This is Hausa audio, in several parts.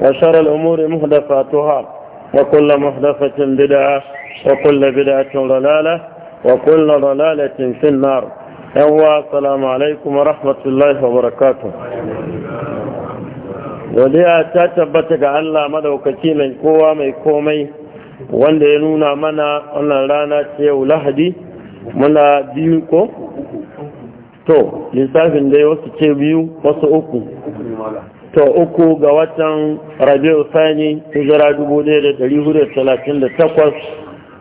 وشر الأمور مهدفاتها وكل مهدفة بدعة وكل بدعة ضلالة وكل ضلالة في النار يوا السلام عليكم ورحمة الله وبركاته وديا تتبتك ألا مدوكتي من قوة من قومي wanda ya nuna mana wannan rana ce yau lahadi to lissafin da ya wasu ce biyu wasu uku to uku ga watan rabi'u sani hijira 1438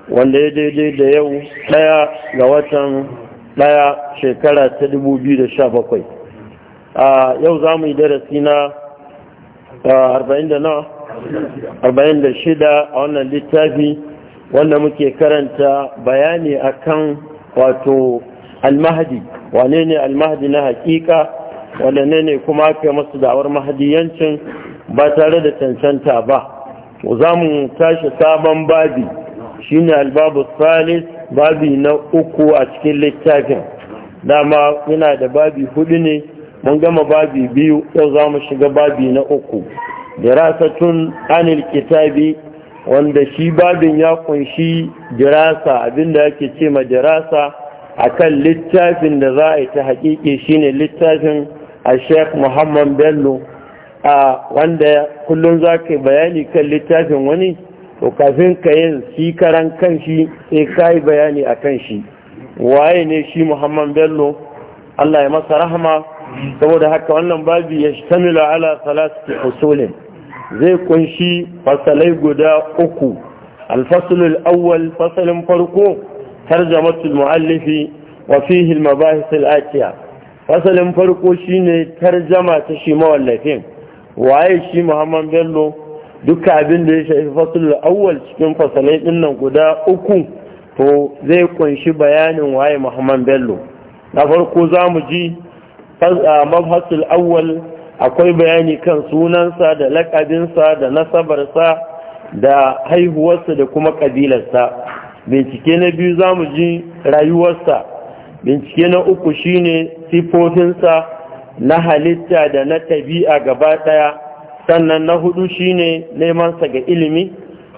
wanda ya daidai da yau daya ga watan daya shekara ta 2017 a yau za mu yi darasi na 46 a wannan littafi wanda muke karanta bayani akan wato almahadi wane ne almahadi na hakika waɗanne ne kuma aka masu da'awar mahadiyancin ba tare da cancanta ba za mu tashi sabon babi shine albabu salis babi na uku a cikin littafin dama yana da babi hudu ne mun gama babi biyu yau za mu shiga babi na uku dirasatun anil kitabi wanda shi babin ya kunshi dirasa abinda yake ce ma dirasa akan littafin da za a yi ta hakiki shine littafin a sheikh muhammad bello a wanda kullum za ka bayani kan littafin wani to kafin ka yin sikaran kanshi kan shi sai ka yi bayani a kan shi waye ne shi muhammad bello allah ya masa rahama saboda haka wannan babi ya shamila ala salasati usulin zai kunshi fasalai guda uku alfasulul awwal fasalin farko tarjamatul muallifi wa fihi al mabahis al atiya fasalin farko shine tarjama ta shi mawallafin waye shi muhammad bello duka abin da ya shafi fasalin awwal cikin fasalai dinnan guda uku to zai kunshi bayanin waye muhammad bello na farko za mu ji mabhasul awwal akwai bayani kan sunansa da lakabinsa da nasabarsa da haihuwarsa da kuma ƙabilarsa bincike na biyu za mu ji rayuwarsa bincike na uku shine sifofinsa na halitta da na tabi'a gaba ɗaya sannan na hudu shine nemansa ga ilimi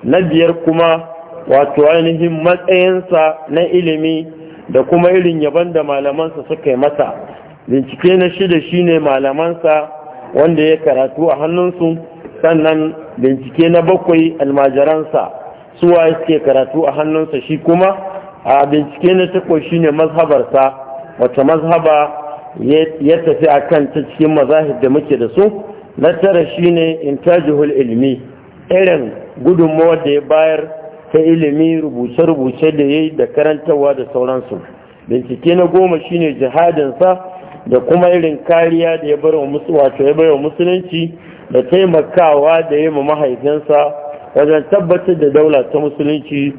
na biyar kuma wato ainihin matsayinsa na ilimi da kuma irin yaban da malamansa suka yi masa bincike na shida shine malamansa wanda ya karatu a hannunsu sannan bincike na bakwai almajiransa suwa suke karatu a hannunsa shi kuma a bincike na tako shine mazhabarsa wata mazhaba ya tafi a kan ta cikin mazahib da muke da su na tara shine intajihul ilimi irin gudunmawar da ya bayar ta ilimi rubuce-rubuce da ya yi da karantarwa da sauransu bincike na goma shine jihadinsa da kuma irin kariya da ya bar wa musulunci da taimakawa da ya ma mahaifinsa wajen tabbatar da daula ta musulunci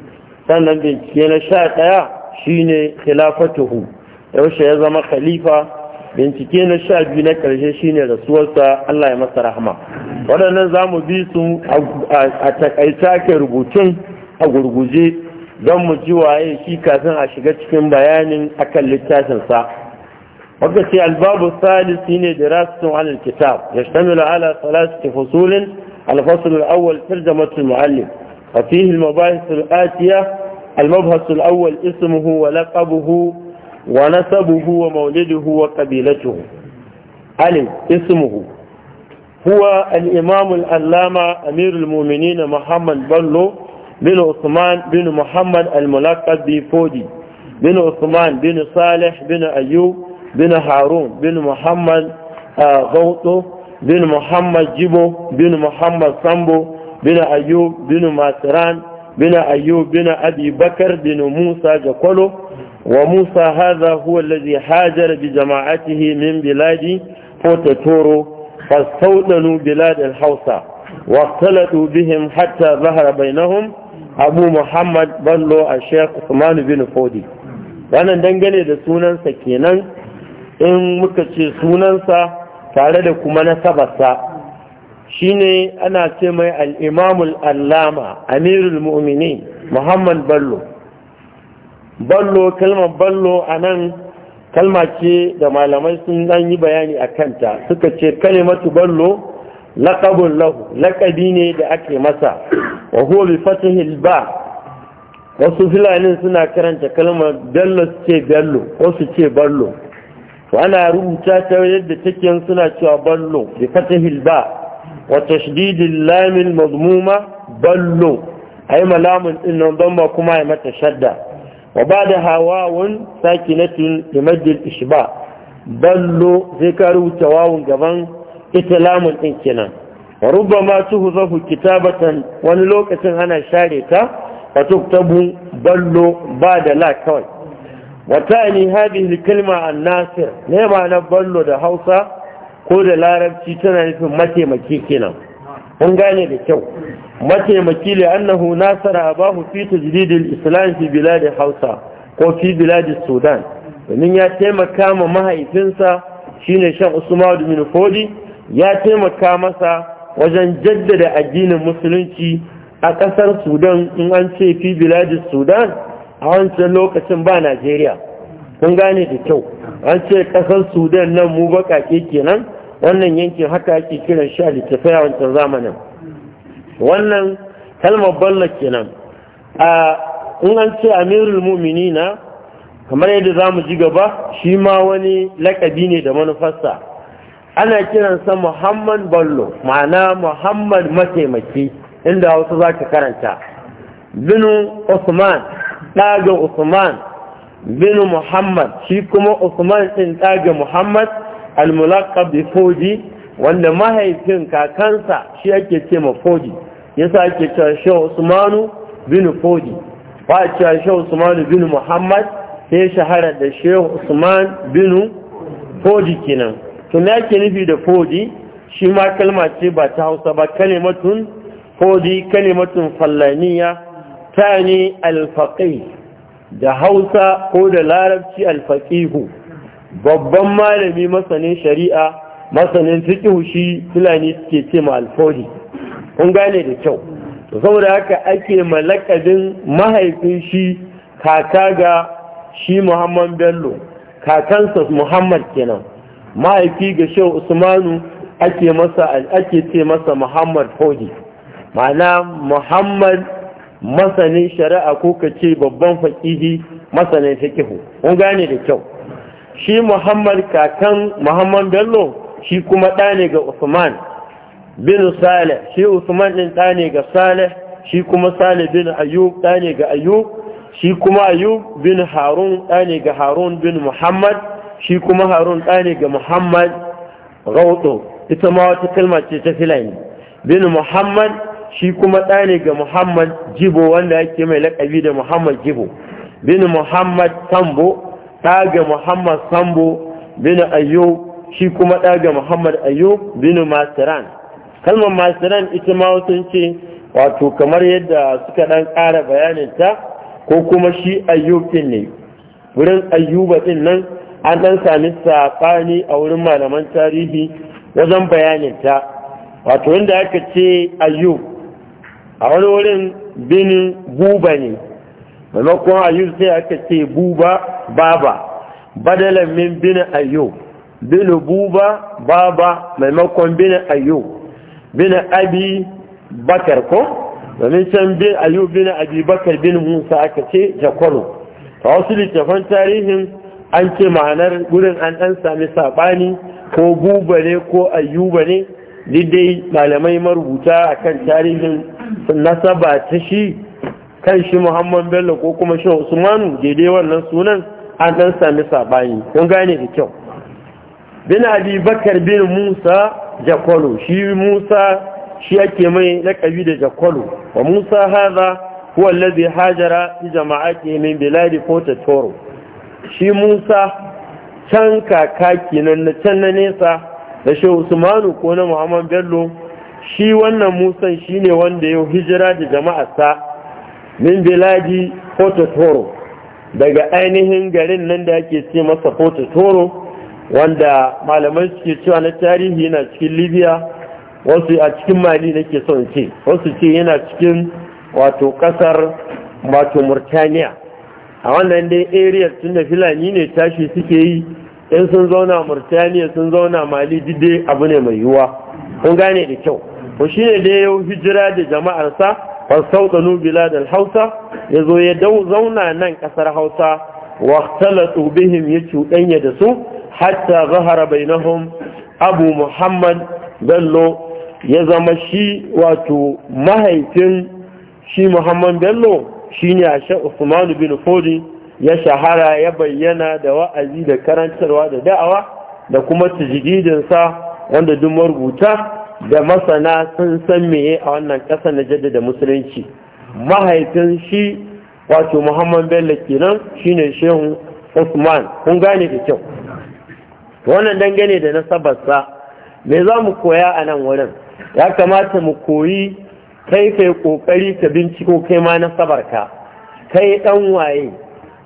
sannan bincike na sha ɗaya shine khilafatuhu yaushe ya zama khalifa bincike na sha biyu na ƙarshe shine rasuwarsa Allah ya masa rahama waɗannan za mu bi su a takaita rubutun a gurguje don mu ji waye shi kafin a shiga cikin bayanin akan littafinsa wadda albabu salisi ne da rasun alal kitab ya shamila ala salasi fasulin alfasul awwal tarjamatul muallim a fihi al المبحث الأول اسمه ولقبه ونسبه ومولده وقبيلته علي اسمه هو الإمام الألامة أمير المؤمنين محمد بلو بن عثمان بن محمد الملقب بفودي بن عثمان بن صالح بن أيوب بن هارون بن محمد آه، غوطو بن محمد جيبو بن محمد صنبو بن أيوب بن ماتران bina ayyub bina abi bakar bin musa ga kwalo wa musa haza huwa lazi hajar bi jama'atihi min biladi ko ta toro fasaudanu biladin hausa wa salatu bihim hatta zahara bainahum abu muhammad ballo a sheikh usman bin fodi wannan dangane da sunansa kenan in muka ce sunansa tare da kuma nasabarsa shine ana ce mai al'imamul allama amirul mu'mini muhammad ballo ballo kalmar ballo a nan kalma ce da malamai sun dan yi bayani a kanta suka ce kalimatu ballo laƙabun lahu laƙabi ne da ake masa wa huwa bi fatihil ba wasu filanin suna karanta kalmar bello su ce bello wasu ce ballo ana rubuta ta yadda take suna cewa ballo bi fatihil ba wa tashdidil lamil mazmuma ballo ai malamun din nan dhamma kuma ya mata shadda wa ba'da hawawun sakinatin limaddil ishba ballo sai ka rubuta wawun gaban ita lamun din kenan wa rubbama tuhzafu kitabatan wani lokacin ana share ta wa tuktabu ballo ba da la kawai وتعني هذه الكلمة الناصر لما نبلو da Hausa? ko da larabci tana nufin mataimaki kenan kun gane da kyau mataimaki li annahu nasara abahu fi tajdidil islam fi bilad hausa ko fi bilad sudan domin ya taimaka ma mahaifinsa shine shan usman bin fodi ya taimaka masa wajen jaddada addinin musulunci a ƙasar sudan in an ce fi biladis sudan a wancan lokacin ba najeriya kun gane da kyau an ce kasar sudan nan mu bakake kenan wannan yankin haka ake kiran shi a littafai a wancan zamanin wannan kalmar balla kenan a in an ce amirul na kamar yadda za mu ji gaba shi ma wani lakabi ne da manufarsa ana kiransa muhammad ballo ma'ana muhammad mataimaki inda wasu za ka karanta binu usman ɗaga usman bin muhammad shi kuma usman ɗin ɗaga muhammad al-mulaqab bi wanda mahaifin kakansa shi ake ce ma fodi, yasa ake cewa shi usmanu bin fodi. ba a cewa shi usmanu bin muhammad sai shahara da shi usman bin fodi. kenan tun yake nufi da fodi shi ma kalma ce ba ta hausa ba kalimatun fodi kalimatun fallaniya ta ne alfaƙai da hausa ko da larabci alfaqihu babban malami masanin shari'a masanin fiqhu shi fulani suke ce ma alfodi kun gane da kyau saboda haka ake malakadin mahaifin shi kaka ga shi muhammad bello kakansa muhammad kenan mahaifi ga shehu usmanu ake ake ce masa muhammad fodi ma'ana muhammad masanin shari'a ko ka ce babban faƙihi masanin fiƙihu kun gane da kyau shi muhammad kakan muhammad bello shi kuma ɗa ne ga usman bin saleh shi usman ɗin ɗa ne ga saleh shi kuma saleh bin ayub ɗa ne ga ayub shi kuma ayub bin harun ɗa ne ga harun bin muhammad shi kuma harun ɗa ne ga muhammad rauto ita ma wata kalma ce ta filani bin muhammad shi kuma ɗa ne ga muhammad jibo wanda yake mai laƙabi da muhammad jibo bin muhammad sambo ɗa ga muhammad sambo bin Ayo, shi kuma ɗa ga muhammad ayyub bin masiran kalmar masiran ita ma wasu ce wato kamar yadda suka ɗan ƙara bayaninta ko kuma shi ayyub ne wurin ayyuba ɗin nan an ɗan sami saɓani a wurin malaman tarihi wajen bayaninta wato inda aka ce ayyub a wani wurin binin buba ne maimakon ayyub sai aka ce buba baba badalan min binin ayyub binu buba baba maimakon binin ayyub binin abi bakar ko domin can bin ayyub binin abi bakar bin musa aka ce jakwaro a wasu littafan tarihin an ce ma'anar gurin an ɗan sami saɓani ko buba ne ko ayyuba ne Daidai malamai marubuta kan tarihin nasaba ta shi kan shi muhammad bello ko kuma shi usmanu daidai wannan sunan an dan sami sabani kun gane da kyau bin abi bakar bin musa jakwalo shi musa shi ake mai lakabi da jakwalo wa musa haza huwa alladhi hajara fi jama'ati min biladi fota toro shi musa can kaka kenan na can na nesa da shehu usmanu ko na muhammad bello shi wannan musan shine wanda ya hijira da jama'arsa min biladi Toro, daga ainihin garin nan da ake ce masa Toro, wanda malamai suke cewa na tarihi yana cikin libya wasu a cikin mali nake son ce wasu ce yana cikin wato kasar wato murtaniya a wannan dai area tun da filani ne tashi suke yi in sun zauna murtaniya sun zauna mali dide abu ne mai yiwuwa kun gane da kyau ku shi ne da ya hijira da jama'arsa wasu nu bila da hausa ya zo ya zauna nan kasar hausa wa tsala tsobihim ya cuɗanya da su hatta zahara bainahum abu muhammad bello ya zama shi wato mahaifin shi muhammad bello shi ne a usmanu bin fodin ya shahara ya bayyana da wa'azi da karantarwa da da'awa da kuma tajididinsa wanda duk marubuta da masana sun san meye a wannan ƙasa na jaddada musulunci mahaifin shi wato muhammad bello kenan shine shehu usman kun gane da kyau wannan dangane da nasabarsa me za mu koya a nan wurin ya kamata mu koyi kai kai kokari ka binciko kai ma nasabarka kai dan waye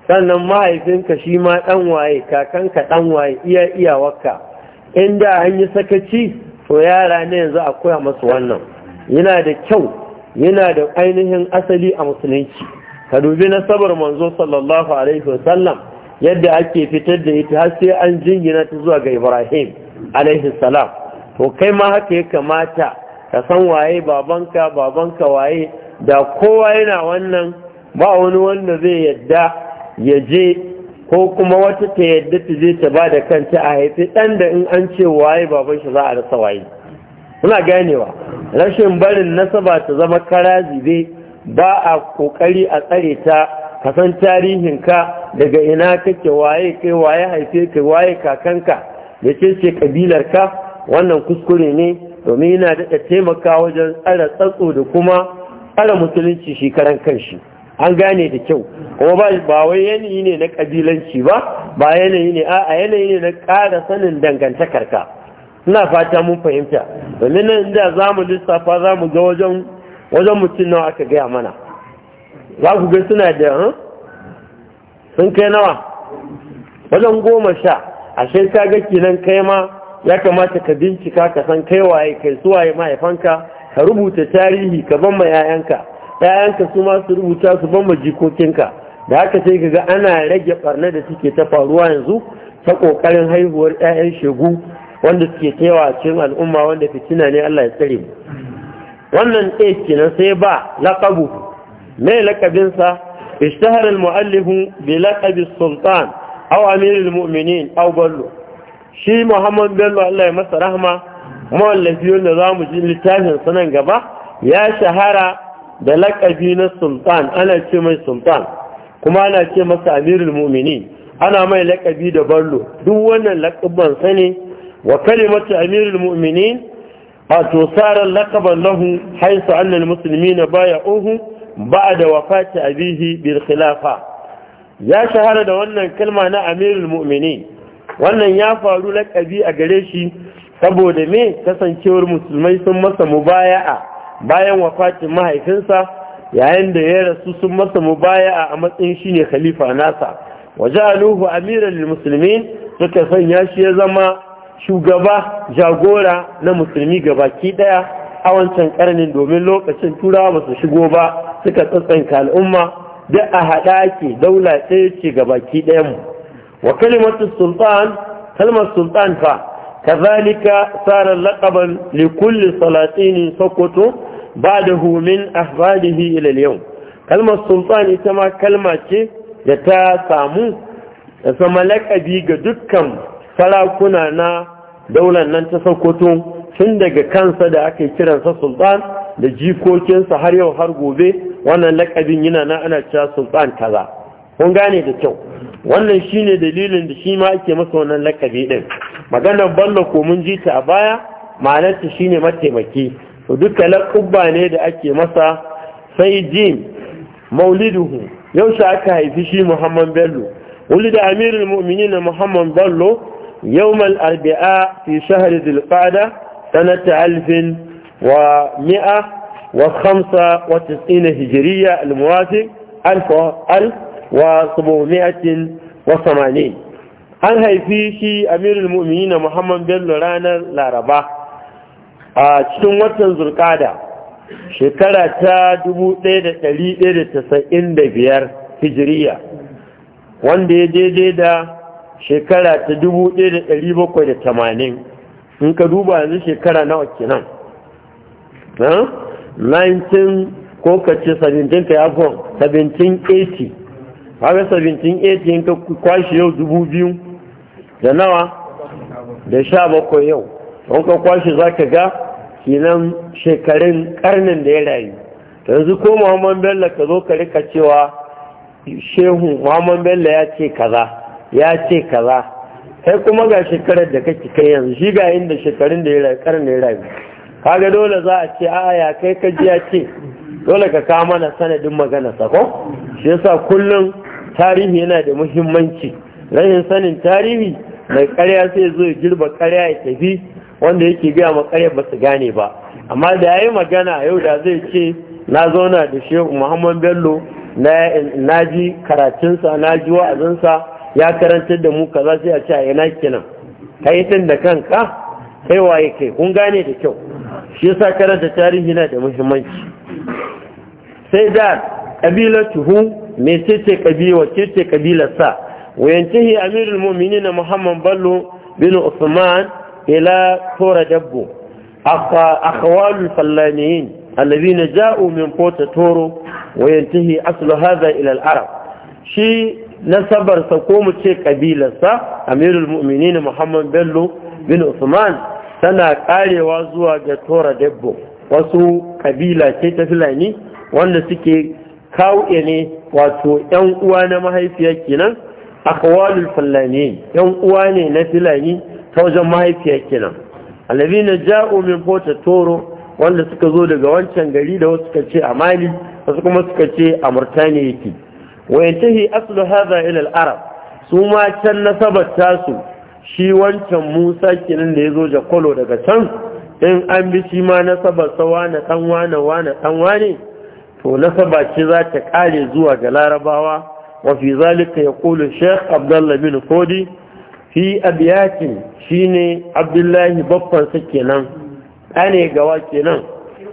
sannan mahaifinka shi ma ɗan waye kakanka ɗan waye iya iyawarka inda an yi sakaci to yara ne yanzu a koya masu wannan yana da kyau yana da ainihin asali a musulunci ka dubi nasabar manzo sallallahu alaihi wasallam yadda ake fitar da ita har sai an jingina ta zuwa ga ibrahim alaihi salam to kai ma haka ya kamata ka san waye babanka babanka waye da kowa yana wannan ba wani wanda zai yadda ya je ko kuma wata ta yadda ta je ta ba da kanta a haifi ɗan da in an ce waye baban shi za a rasa waye Muna ganewa rashin barin nasaba ta zama kara zibe ba a kokari a tsare ta kasan tarihin ka daga ina kake waye kai waye haife kai waye kakanka da ce ce kabilar ka wannan kuskure ne domin yana daɗa taimaka wajen tsara tsatso da kuma tsara musulunci shi karan kanshi an gane da kyau kuma ba wai yanayi ne na kabilanci ba ba yanayi ne a yanayi ne na ƙara sanin dangantakarka ina fata mun fahimta domin nan da za mu lissafa za mu ga wajen mutum nawa aka gaya mana za ku ga suna da sun kai nawa wajen goma sha ashe ka ga kinan kai ma ya kamata ka bincika ka san kai waye kai suwaye mahaifanka ka rubuta tarihi ka ban ma 'ya'yanka Ƴaƴanka su ma su rubuta su ban ma jikokinka da haka sai ka ga ana rage ɓarnar da suke ta faruwa yanzu ta ƙoƙarin haihuwar ‘ya'yan shegu wanda suke taiwa cikin al'umma wanda fitina ne Allah ya tsare mu wannan ɗaya kenan sai ba laƙabu mai laƙabinsa ishtahar al-mu'allifu bi laqabi sultan aw amir al-mu'minin aw ballo shi Muhammad Bello Allah ya masa rahma mawallafi wanda zamu ji littafin sanan gaba ya shahara da laƙabi na sultan ana ce mai sultan kuma ana ce masa amirul mu'minin ana mai laƙabi da ballo duk wannan laƙaban sa ne wa kalimatu amirul mu'minin a tosarar laƙaban lahu haisu annal musulmi na baya uhu ba da wafaci abihi bil khilafa ya shahara da wannan kalma na amirul mu'minin wannan ya faru laƙabi a gare shi saboda me kasancewar musulmai sun masa mubaya'a bayan wafatin mahaifinsa yayin da ya rasu sun masa mubaya'a a matsayin shine khalifa nasa waja'aluhu amiran lil muslimin suka sanya shi ya zama shugaba jagora na musulmi gabaki daya a wancan karnin domin lokacin turawa ba su shigo ba suka tsatsanka al'umma duk a haɗa ake daula ɗaya ce gabaki ɗayan mu wa kalimatu sultan kalmar sultan fa kazalika sarar li likulli salatinin sokoto ba'dahu min ahwalihi ila al yau. kalmar sultan ita ma kalma ce da ta samu da sama lakabi ga dukkan sarakuna na daular nan ta Sokoto tun daga kansa da aka kiransa sultan da jikokinsa har yau har gobe wannan lakabin yana na ana cewa sultan kaza kun gane da kyau wannan shine dalilin da shi ma ake masa wannan lakabi din maganar ballo ko mun ji ta a baya ma'anarta shine mataimaki to duk talakubba ne da ake masa sai jin mauliduhu yau aka haifi shi muhammad bello wulida amirin mu'mini na muhammad bello yau mal fi shahar zilfada sanata alfin wa mi'a wa khamsa wa tisina hijiriya al-muwafi alfa wa samanin an haifi shi amirin mu'mini na bello ranar laraba a cikin watan zurkada shekara ta 1195 hijiriya wanda ya daidai da shekara ta 1780 in ka duba yanzu shekara nawa nan 19 ko ka ce 17 ka yafon 1780 haka 1780 in ka kwashe yau 2000 da nawa da 17 yau ka kwashe za ka ga kinan shekarun karnin da ya rayu yanzu ko muhammad bello ka zo ka rika cewa shehu muhammad bello ya ce kaza ya ce kaza kai kuma ga shekarar da kake kai yanzu shi ga inda shekarun da ya rayu karnin da ya rayu kaga dole za a ce a'a ya kai ka ji ya ce dole ka kawo mana sanadin magana sako shi yasa kullum tarihi yana da muhimmanci rashin sanin tarihi mai karya sai zo ya girba karya ya tafi wanda yake gaya makarya ba su gane ba amma da ya yi magana yau da zai ce na zauna da shehu muhammad bello na ji karatunsa na ji wa'azinsa ya karantar da mu kaza sai a ce a ina kenan kai tun da kanka kai waye kai kun gane da kyau shi yasa karanta tarihi na da muhimmanci sai da kabilatuhu me ce ce kabila ce ce kabilarsa wayantihi amirul mu'minin muhammad bello bin usman ila tora dabbo akhwalul fallaniyin allazina ja'u min kota toro wa yantahi aslu hadha ila al-arab shi nasabarsa ko mu ce kabilarsa amirul mu'minin muhammad bello bin usman tana karewa zuwa ga tora dabbo wasu kabila ce ta filani wanda suke kawuye ne wato yan uwa na mahaifiya kenan akwalul fulani yan uwa ne na filani. ta wajen mahaifiya kenan na ja'o min fota toro wanda suka zo daga wancan gari da wasu suka a mali wasu kuma suka ce a murtani yake ta yantahi aslu hadha ila al-arab su ma can nasabar tasu shi wancan Musa kenan da ya yazo jakolo daga can in an bi shi ma nasabar sawa na dan wane wane dan wane to nasaba ce za ta kare zuwa ga larabawa wa fi zalika yaqulu shaykh abdullah bin fodi fi abiyatin ne abdullahi baffansa kenan ane gawa kenan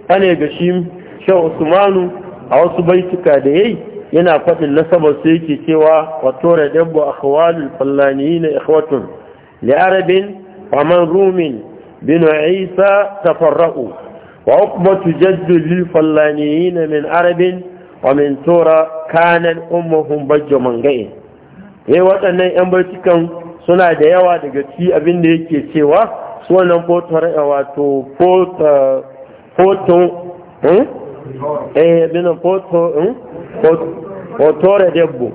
ane ga shi shan usmanu a wasu baituka da yayi yana faɗin nasabar su yake cewa wato da dabba kawalin fallani na ikhwatun li arabin rumin bin isa ta tafarra'u wa uqbatu jaddu lil fallani min arabin wa min tura kanan ummuhum bajjo mangai eh waɗannan yan baitukan suna da yawa daga ci abin da yake cewa su wannan eh, wato eh, foto eh, eh binan foto da debbo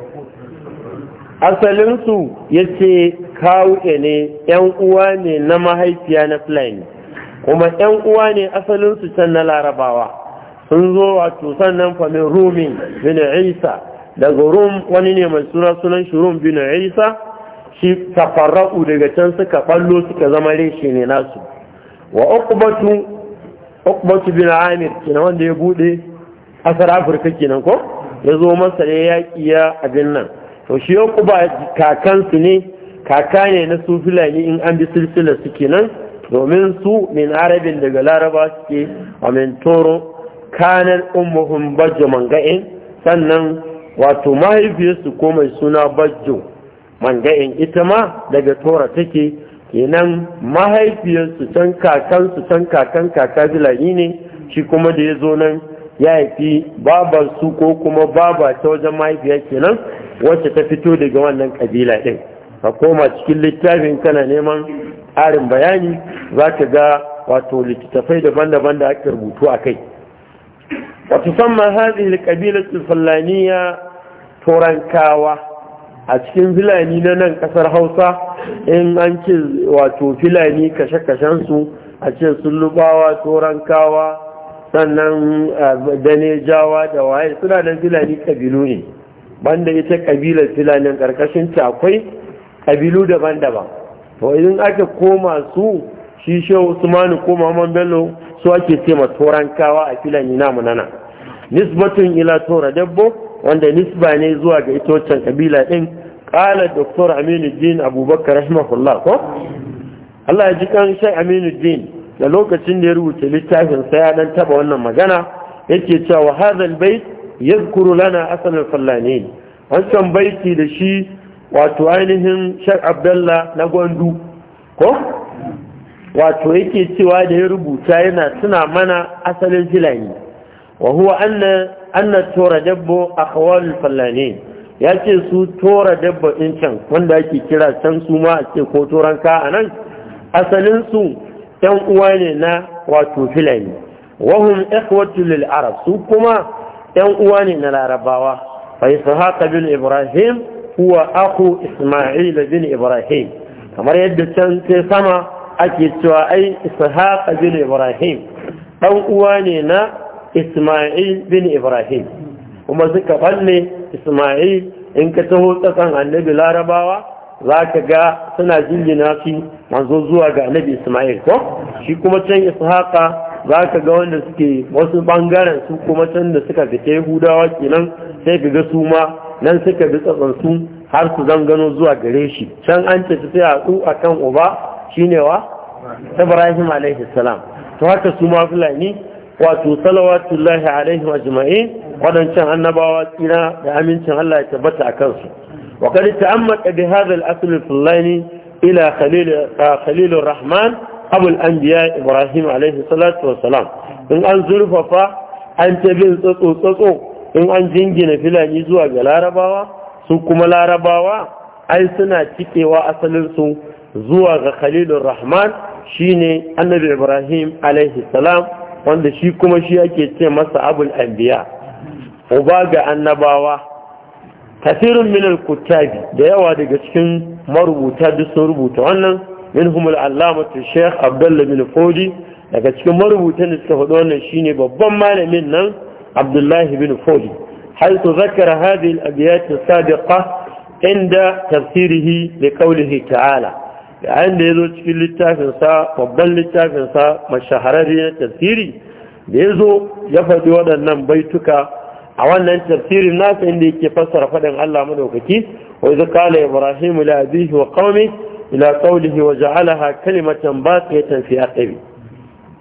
asalinsu ya ce kawuke ne yan uwa ne na mahaifiya na fulani kuma yan uwa ne asalinsu can na larabawa sun zo wato sannan famin rumin bin isa daga rum wani ne mai suna sunan shi rum bin isa shi tafarra'u daga can suka ballo suka zama reshe ne nasu wa uqbatu uqbatu bin amir kina wanda ya bude asar afirka kenan ko ya zo masa ne ya abin nan to shi uqba kakan ne kaka ne na su filani in an bi silsila su kenan domin su min arabin daga laraba suke a min toro kanar ummuhum bajjo manga'in sannan wato mahaifiyarsu ko mai suna bajjo in ita ma daga tora take kenan mahaifiyarsu can kakansu can kakan kaka jilani ne shi kuma da ya zo nan ya haifi babarsu ko kuma baba ta wajen mahaifiya kenan wacce ta fito daga wannan kabila ɗin a koma cikin littafin kana neman ƙarin bayani za ka ga wato littattafai daban-daban da ake rubutu a kai wata samman hazin kabilar tsufallaniya turankawa a cikin filani na nan kasar hausa in an ce wato filani kashe-kashensu a ce sun lubawa kawa sannan danejawa da waye suna da filani kabilu ne banda ita kabilar filanin karkashin ta akwai kabilu daban-daban to idan aka koma su shi shi usmanu ko Maman bello su ake ce ma kawa a filani namu nana nisbatun ila tora dabbo wanda nisba ne zuwa ga ita kabila din qala doktor aminuddin abubakar rahimahullah ko Allah ya ji kan shai aminuddin da lokacin da ya rubuta littafin sa ya dan taba wannan magana yake cewa hadha albayt yadhkuru lana asal al-fallanin wancan baiti da shi wato ainihin shai Abdullah na gwandu ko wato yake cewa da ya rubuta yana tuna mana asalin filani وهو أن أن a دبو أخوال الفلانين yace su tora dabba ɗin can wanda ake kira can su ma a ce ko turanka ka a nan asalin su ɗan uwa ne na wato filani wahum ikhwatu lil arab su kuma ɗan uwa ne na larabawa fa ishaqa bin ibrahim huwa akhu isma'il bin ibrahim kamar yadda can sai sama ake cewa ai ishaqa bin ibrahim ɗan uwa ne na Ismail bin Ibrahim kuma suka falle Ismail in ka taho tsakan annabi larabawa za ka ga suna jingina shi manzo zuwa ga annabi Ismail ko shi kuma can Ishaqa za ka ga wanda suke wasu bangaren su kuma can da suka fita Yahudawa kenan sai ka ga su ma nan suka bi tsatsan su har su zangano zuwa gare shi can an ce su sai a akan uba shine wa Ibrahim alaihi salam to haka su ma Fulani wato salawatullahi wa ajma'in wadancan annabawa tsina da amincin Allah ya tabbata a kansu wa kad ta'ammaka bi hadha al-asl al-fulani ila khalil khalil rahman abu al-anbiya ibrahim alaihi salatu wassalam in an zurfafa an ta bin tsotso tsotso in an jingina filani zuwa ga larabawa su kuma larabawa ai suna cikewa asalinsu zuwa ga khalilur rahman shine annabi ibrahim alaihi salam wanda shi kuma shi yake ce masa abul anbiya uba ga annabawa kasirun min al-kuttabi da yawa daga cikin marubuta duk sun rubuta wannan minhum al-allamatu sheikh bin fodi daga cikin marubutan da suka faɗi wannan shine babban malamin nan abdullahi bin fodi حيث ذكر هذه الأبيات inda tafsirihi تفسيره لقوله ta'ala. yayin da ya zo cikin littafinsa babban littafinsa mashahararri na tafsiri da ya zo ya faɗi waɗannan baituka a wannan tafsirin nasa inda yake fassara faɗin Allah madaukaki wa idza qala ibrahimu li abihi wa qawmi ila qawlihi wa ja'alaha kalimatan baqiyatan fi aqibi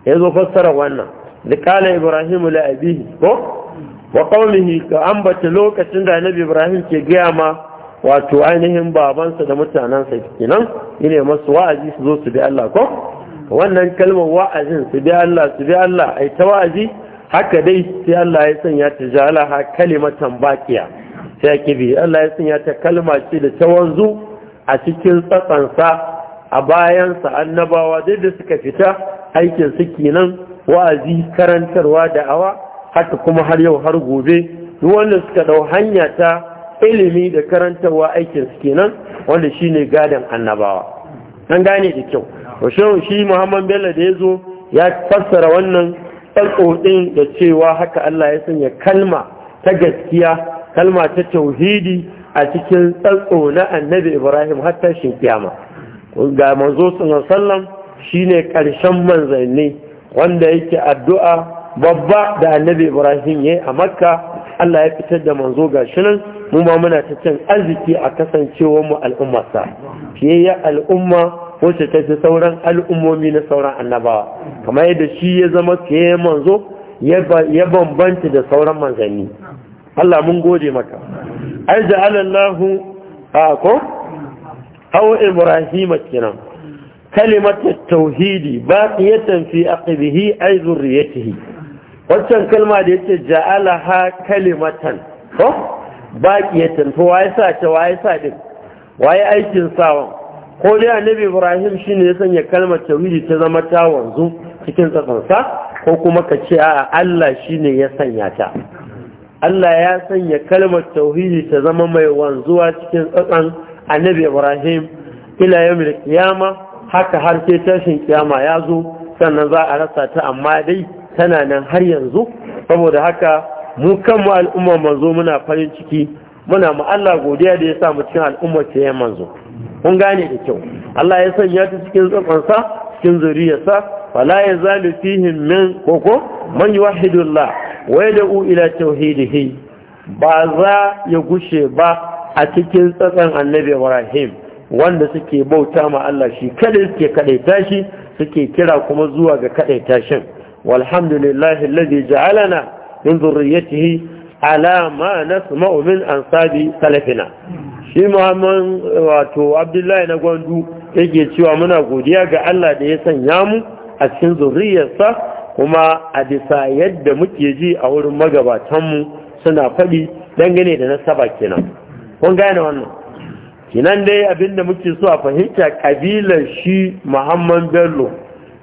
ya zo fassara wannan da qala Ibrahimu li abihi ko wa qawmihi ka ambata lokacin da annabi ibrahim ke gaya ma wato ainihin babansa da mutanensa kenan ine masu wa'azi su zo su bi Allah ko wannan kalmar wa'azin su bi Allah su bi Allah ai ta wa'azi haka dai sai Allah ya sanya ta ha kalimatan baqiya sai kibi Allah ya sanya ta kalma ce da ta wanzu a cikin tsatsansa a bayan sa annabawa dai da suka fita aikin su kenan wa'azi karantarwa da awa. haka kuma har yau har gobe duk wanda suka dau hanya ta ilimi da karantarwa aikin su kenan wanda shi ne gadon annabawa an gane da kyau to shi Muhammad Bello da ya zo ya fassara wannan ɗin da cewa haka Allah ya sanya kalma ta gaskiya kalma ta tauhidi a cikin tsatso na annabi Ibrahim har tashin kiyama ga manzo sallam ne ƙarshen manzanni wanda yake addu'a babba da annabi Ibrahim ya yi a Makka Allah ya fitar da manzo ga shi mu ma muna ta cin arziki a kasancewar mu al'umma sa fiye ya al'umma wacce ta fi sauran al'ummomi na sauran annabawa kamar yadda shi ya zama fiye manzo ya bambanta da sauran manzanni Allah mun gode maka ai alallahu a ko Ibrahim ibrahima kenan kalimatu tauhidi baqiyatan fi aqbihi ay zurriyatihi waccan kalma da yace ja'ala ha kalimatan ko ya to waye sa ta waye sa din waye aikin sawan ko dai annabi Ibrahim shine ya sanya kalmar tauhidi ta zama ta wanzu cikin tsakansa ko kuma ka ce a Allah shine ya sanya ta Allah ya sanya kalmar tauhidi ta zama mai wanzuwa cikin tsakan annabi Ibrahim ila yawmil Kiyama? haka har sai tashin kiyama ya zo sannan za a rasa ta amma dai tana nan har yanzu saboda haka mu kanmu al'ummar manzo muna farin ciki muna mu Allah godiya da ya sa mu cikin al'ummar ce yan manzo kun gane da kyau Allah ya sanya ta cikin tsakonsa cikin zuriyarsa fala yazalu fihim min koko man yuwahidullah wa yad'u ila tauhidihi ba za ya gushe ba a cikin tsatsan annabi Ibrahim wanda suke bauta ma Allah shi kada suke kadaita shi suke kira kuma zuwa ga kadaita shin والحمد لله الذي جعلنا من ذريته على ما نسمع من أنصاب سلفنا shi Muhammadu wato abdullahi na gwandu yake cewa muna godiya ga Allah da ya sanya mu a cikin zurriyarsa kuma a bisa yadda muke ji a wurin magabatanmu suna faɗi dangane da nasaba kenan kun gane wannan kinan dai abinda muke so a fahimta kabilar shi Muhammad bello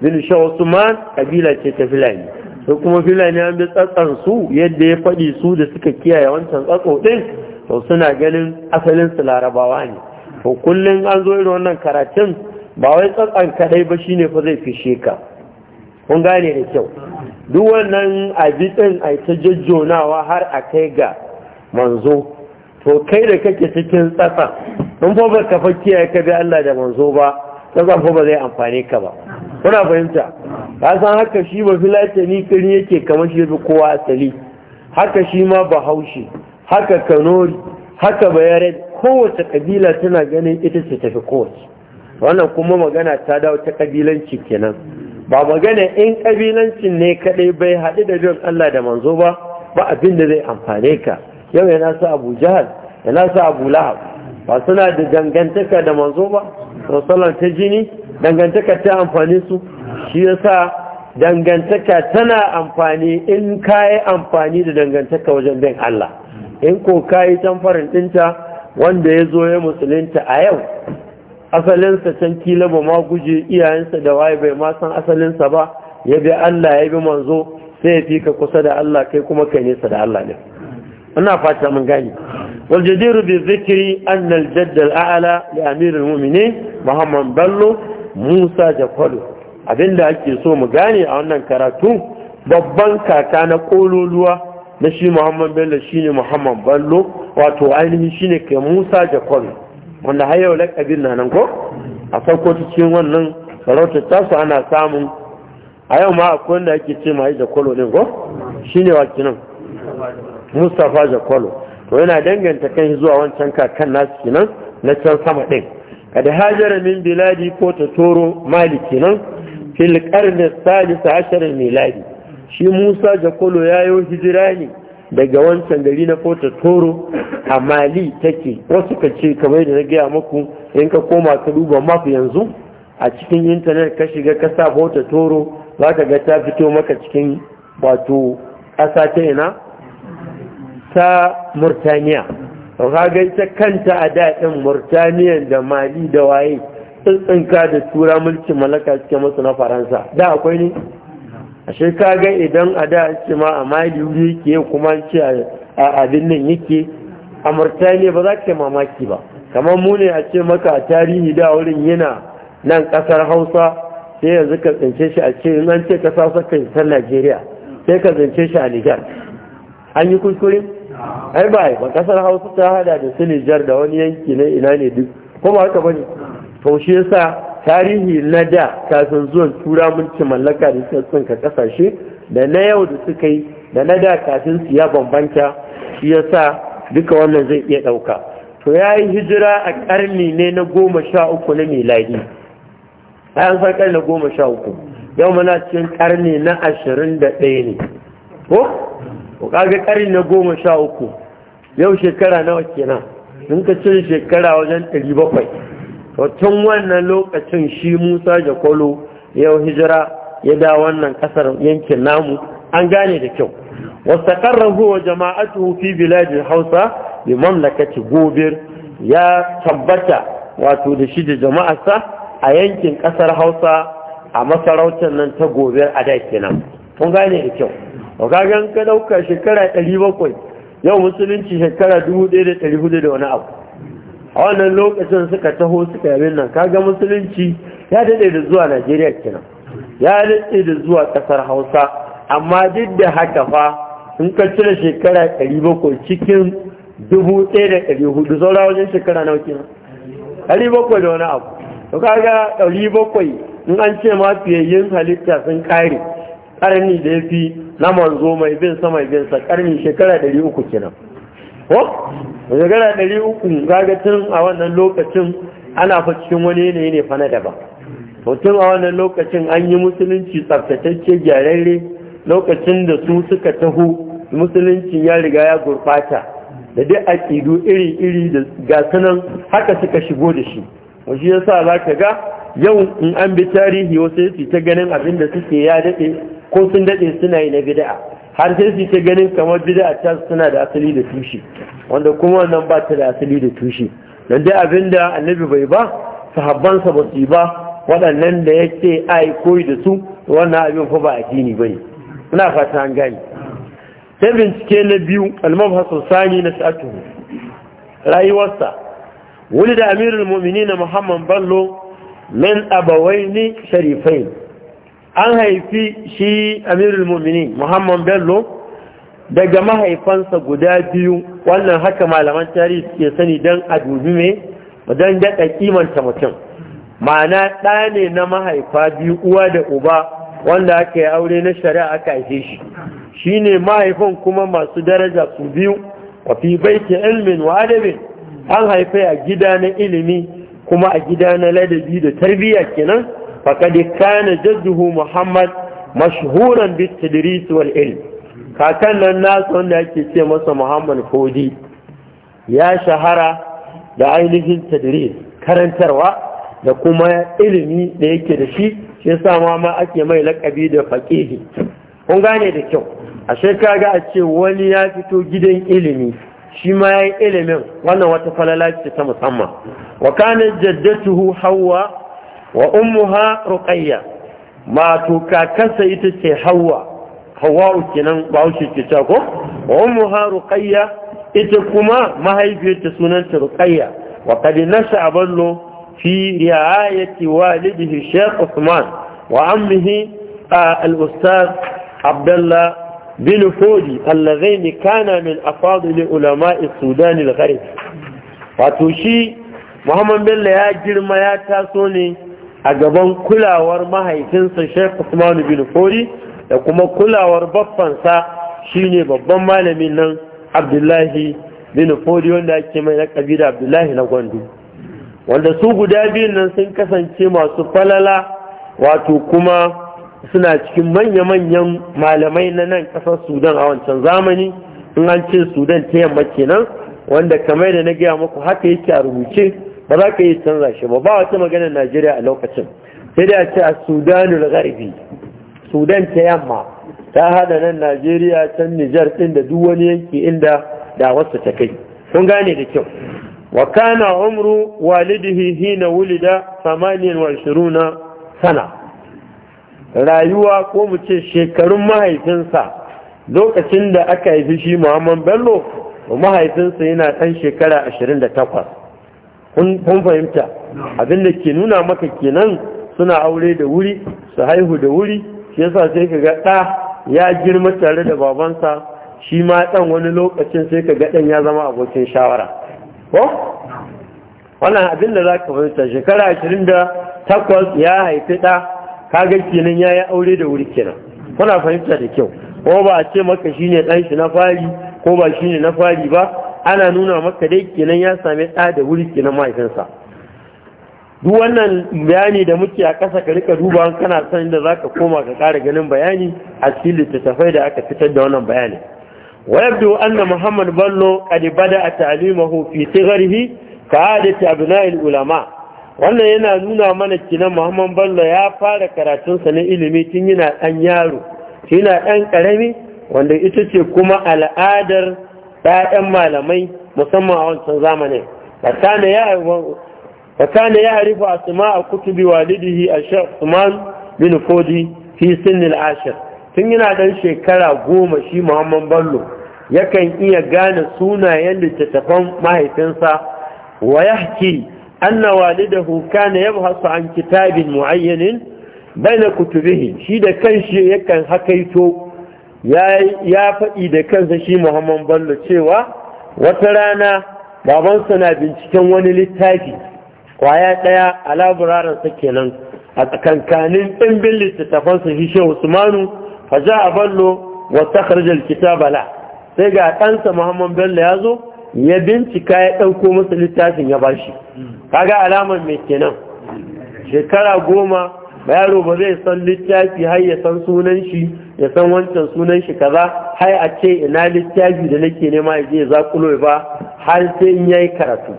bin sha usman kabila ce ta filani sai kuma filani an bi tsatsan su yadda ya faɗi su da suka kiyaye wancan tsatso din to suna ganin asalin su larabawa ne to kullum an zo irin wannan karatun ba wai tsatsan kaɗai ba shine fa zai fishe ka kun gane da kyau duk wannan abin a ta jajjonawa har a kai ga manzo to kai da kake cikin tsatsa in fa ka fa kiyaye ka bi Allah da manzo ba tsatsan fa ba zai amfane ka ba kuna fahimta ka san haka shi ba filatani kiri yake kamar shi fi kowa asali haka shi ma bahaushe haka kanori haka bayare kowace kabila tana ganin ita ce tafi kowace wannan kuma magana ta dawo ta kabilanci kenan ba magana in kabilancin ne kadai bai haɗu da jin Allah da manzo ba ba abin da zai amfane ka yau yana sa Abu Jahal yana sa Abu Lahab ba suna da dangantaka da manzo ba sallallahu ta jini dangantaka ta amfani su shi yasa dangantaka tana amfani in kayi amfani da dangantaka wajen bin Allah in ko kayi tamfarin dinta wanda ya zo ya musulunta a yau asalinsa can kila ba ma guje iyayensa da waye bai ma san asalinsa ba ya bi Allah ya bi manzo sai ya fi ka kusa da Allah kai kuma kai nesa da Allah ne ina fata mun gani wal jadiru bi zikri anna al jadd al a'la li amir al mu'minin muhammad ballo musa jakwalo abinda ake so mu gane a wannan karatu babban kaka na kololuwa na shi muhammad ballo shine muhammad ballo wato ainihin shine kai musa jakwalo wanda har yau lakabin na nan ko a farko cikin wannan sarautar tasu ana samun a yau ma akwai wanda ake ce ma yi jakwalo din ko shine wakinan mustapha jakwalo to yana danganta kan zuwa wancan kakan nasu kenan na can sama ɗin kada hajara min biladi ko ta toro mali kenan fil karni salisa mai miladi shi musa jakwalo ya yi hijira ne daga wancan gari na ta toro a mali take wasu ka ce kamar da na gaya muku in ka koma ka duba map yanzu a cikin intanet ka shiga ka sa ta toro za ka ga ta fito maka cikin wato ƙasa ta ina ta murtaniya kaga ta kanta a daɗin murtaniya da mali da waye tsintsinka da tura mulki malaka suke masu na faransa da akwai ne ashe shekaga idan a da ce a mali wuri yake kuma ce a abin nan yake a murtaniya ba za ka mamaki ba kamar mu ne a ce maka a tarihi da wurin yana nan ƙasar hausa sai yanzu ka tsince shi a ce in an ce ta saka ta najeriya sai ka tsince shi a nijar an yi kuskure ai ba ba kasar hausa ta hada da su nijar da wani yanki na ina ne duk kuma haka bane to shi yasa tarihi na da kafin zuwan tura mulki mallaka da suka tsinka kasashe da na yau da suka yi da na da kafin su ya bambanta shi yasa duka wannan zai iya ɗauka to ya yi hijira a ƙarni ne na goma sha uku na miladi 'yan san na goma sha uku yau muna cikin karni na ashirin da ɗaya ne ko ko kaga ƙari na goma sha uku yau shekara nawa kenan sun ka cire shekara wajen ɗari bakwai to tun wannan lokacin shi musa da jakolo yau hijira ya da wannan kasar yankin namu an gane da kyau wasu jama'a jama'atu fi biladin hausa bi mamlakati gobir ya tabbata wato da shi da jama'arsa a yankin ƙasar hausa a masarautar nan ta gobir a da kenan kun gane da kyau ƙagen ka ɗauka shekara 700 yau musulunci shekara 1400 da wani abu a wannan lokacin suka taho suka yi nan kaga musulunci ya dade da zuwa Najeriya kina ya daɗe da zuwa kasar Hausa amma duk da haka fa in ka cire shekara 700 cikin 1400 saura wajen shekara nawa kenan 700 da wani abu to kaga 700 in an ce ma fiyayyin halitta sun kare ƙarni da ya fi na manzo mai bin sa mai bin sa karni shekara 300 kenan ko shekara 300 kaga tun a wannan lokacin ana fa cikin wani yanayi ne fa na daban tun a wannan lokacin an yi musulunci tsaftatacce gyararre lokacin da su suka taho musulunci ya riga ya gurfata, da a aƙidu iri-iri da gasanan haka suka shigo da shi wasu yasa sa za ka ga yau in an bi tarihi wasu yake ta ganin abin da suke ya daɗe ko sun daɗe suna yi na bida'a, har sai su ce ganin kamar bida'a ta suna da asali da tushe wanda kuma wannan ba ta da asali da tushe dan dai abinda annabi bai ba sahabbansa ba su ba waɗannan da yake ai koyi da su wannan abin fa ba addini bane ina fata an gani sai bincike na biyu almabhasu sani na sa'atu rayuwarsa wani da amirul mu'minin muhammad ballo min abawaini sharifain an haifi shi amirul mu'minin muhammad bello daga mahaifansa guda biyu wannan haka malaman tarihi suke sani dan a dubi mai don daɗa kimanta mutum ma'ana ɗa ne na mahaifa biyu uwa da uba wanda aka yi aure na shari'a aka haife shi shi ne mahaifin kuma masu daraja su biyu wa fi baiti ilmin wa adabin an haife a gida na ilimi kuma a gida na ladabi da tarbiyya kenan faƙad kana jadduhu muhammad mashhuran bit tadris wal ilm kakan nan nasu da ake ce masa muhammad fodi ya shahara da ainihin tadris karantarwa da kuma ilimi da yake da shi shi yasa ma ma ake mai lakabi da faqihi kun gane da kyau ashe ga a ce wani ya fito gidan ilimi shi ma ya yi ilimin wannan wata falala ce ta musamman wa kana jaddatuhu hawa wa ummuha ruqayya mato kakarsa ita ce hawa hawa kenan bahaushe ke ta ko wa ummuha ruqayya ita kuma mahaifiyarta sunanta ruqayya wa qad nasha ballo fi riayati walidihi shaykh Usman wa ammihi al-ustaz Abdullah bin Fodi allazai kana min afadili ulama'i Sudan al-Gharib wato shi Muhammad Bello ya girma ya taso ne a gaban kulawar mahaifinsa Sheikh Usman bin Fori da kuma kulawar baffansa shine babban malamin nan Abdullahi bin Fori wanda ake mai lakabi da Abdullahi na Gwandu wanda su guda biyun nan sun kasance masu falala wato kuma suna cikin manya-manyan malamai na nan ƙasar Sudan a wancan zamani in an ce Sudan ta yamma kenan wanda kamar da na gaya muku haka yake a rubuce ba za ka yi canza shi ba ba wata magana najeriya a lokacin sai da ce a sudanul gharbi sudan ta yamma ta hada nan najeriya can nijar din da duk wani yanki inda da wasu ta kai kun gane da kyau wa kana umru walidihi hina wulida 28 sana rayuwa ko mu ce shekarun mahaifinsa lokacin da aka haifi shi muhammad bello mahaifinsa yana ɗan shekara 28 kun fahimta abin da ke nuna maka kenan suna aure da wuri su haihu da wuri shi yasa sai ka ga ɗa ya girma tare da babansa shi ma ɗan wani lokacin sai ka ga ɗan ya zama abokin shawara ko wannan abin da za ka fahimta shekara ashirin da takwas ya haifi ɗa kaga kenan ya yi aure da wuri kenan kuna fahimta da kyau ko ba a ce maka shine ɗan shi na fari ko ba shine na fari ba ana nuna maka dai kenan ya sami ɗa da wuri kenan mahaifinsa duk wannan bayani da muke a ƙasa ka rika duba kana san da za ka koma ka ƙara ganin bayani a cikin littattafai da aka fitar da wannan bayani ويبدو أن محمد بلو قد بدأ تعليمه في صغره كعادة أبناء ulama. wannan yana nuna mana kinan Muhammad Bello ya fara karatunsa na ilimi tun yana ɗan yaro, yana ɗan ƙarami wanda ita ce kuma al'adar yayan malamai musamman a wancan zamanin ne ya harifu a suma a kutubi walidihi a shi usman bin fodi fi sinil ashir tun yana ɗan shekara goma shi muhammad bello yakan iya gane sunayen littattafan mahaifinsa wa yahki anna walidahu kana yabhasu an kitabin mu'ayyanin na kutubihi shi da kanshi yakan hakaito ya faɗi da kansa shi muhammad bello cewa wata rana babansa na binciken wani littafi kwaya ɗaya a laburarensa kenan a tsakankanin ɗimbin littattafansa shi shi usmanu fa ja a bello wata harjar kitabala sai ga ɗansa muhammad bello ya zo ya bincika ya ɗauko masa littafin ya ba bashi kaga alamar mai kenan shekara goma ba yaro ba zai san littafi har ya san sunan shi ya san wancan sunan shi kaza har a ce ina littafi da nake nema ya je ya zakulo ba har sai in yayi karatu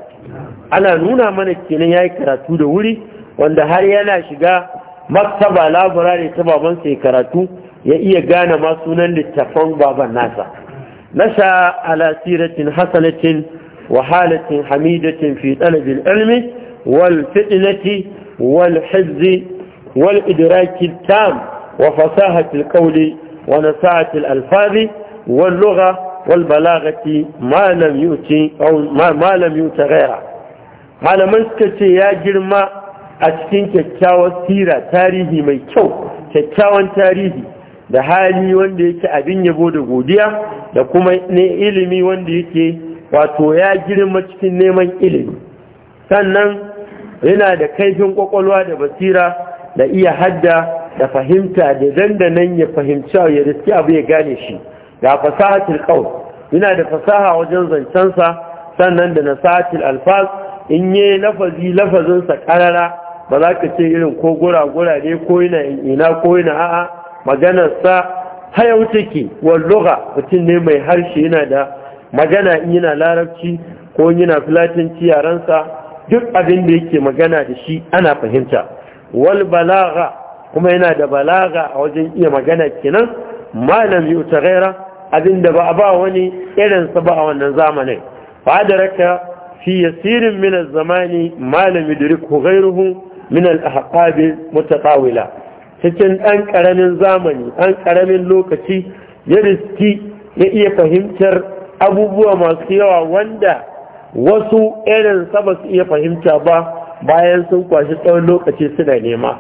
ana nuna mana kenan yayi karatu da wuri wanda har yana shiga maktaba laburare ta baban sai karatu ya iya gane ma sunan littafan baban nasa nasha ala siratin hasanatin wa halatin hamidatin fi talabil ilmi wal fitnati wal hizzi wal idraki tam wa fasahati الألفاظ wa والبلاغة ما wal يؤتي wal ما, ما لم yuti aw ma من سكتي يا malaman suka ce ya girma a cikin kyakkyawar sira tarihi mai kyau kyakkyawan tarihi da hali wanda yake abin yabo da godiya da kuma ne ilimi wanda yake wato ya girma cikin neman ilimi sannan yana da kaifin kwakwalwa da basira da iya hadda da fahimta da nan ya fahimci ya riski abu ya gane shi ga fasahatul qaul yana da fasaha wajen sa sannan da na nasahatul alfaz in yi lafazi sa karara ba za ka ce irin ko gura-gura ne ko in ina ko yana a'a maganarsa ki wal walluga mutum ne mai harshe yana da magana in yana larabci ko yana filatinci yaransa duk abin da yake magana da shi ana fahimta wal balaga kuma yana da balaga a wajen iya magana kenan malam yi gaira abinda ba a ba wani irinsa ba a wannan zamanin ba da fi yasirin min zamani malam yudriku ghayruhu min al-ahqab mutatawila cikin dan karamin zamani dan karamin lokaci ya riski ya iya fahimtar abubuwa masu yawa wanda wasu irin sa ba su iya fahimta ba bayan sun kwashi tsawon lokaci suna nema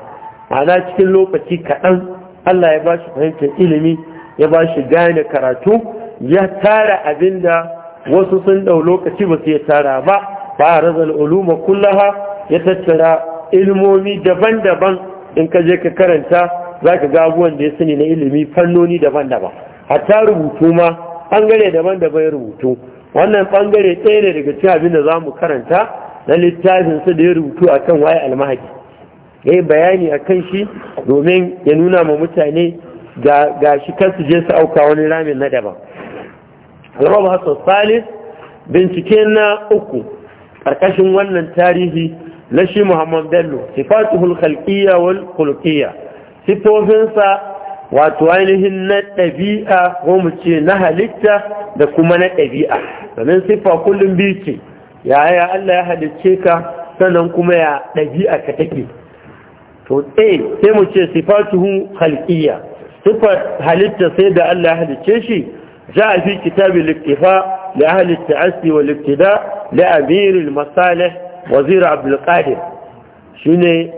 ma'ana cikin lokaci kaɗan Allah ya ba shi fahimtar ilimi ya ba shi gane karatu ya tara abin da wasu sun ɗau lokaci ba su ya tara ba ba a razal uluma kullaha ya tattara ilmomi daban-daban in ka je ka karanta za ka ga gabuwan da ya sani na ilimi fannoni daban-daban hatta rubutu ma ɓangare daban-daban ya rubutu wannan ɓangare ɗaya ne daga cikin abin da za mu karanta na littafinsa da ya rubutu a kan waye almahadi ya yi bayani a kan shi domin ya nuna ma mutane ga shi kansu je su auka wani ramin na daban albabu hassan salis bincike na uku ƙarƙashin wannan tarihi na shi muhammad bello Sifatu hulkalkiya wal khulqiyya sifofinsa wato ainihin na ɗabi'a ko mu ce na halitta da kuma na ɗabi'a domin siffa kullum biyu ce ya Allah ya halicce ka sannan kuma ya ɗabi'a ka take to tsaye eh, sai mu ce sifatuhu halqiyya sifar halitta sai da Allah ya halicce shi a fi kitabil iktifa li ahli ta'assi wal wa li da al masalih wazir abdul qadir shine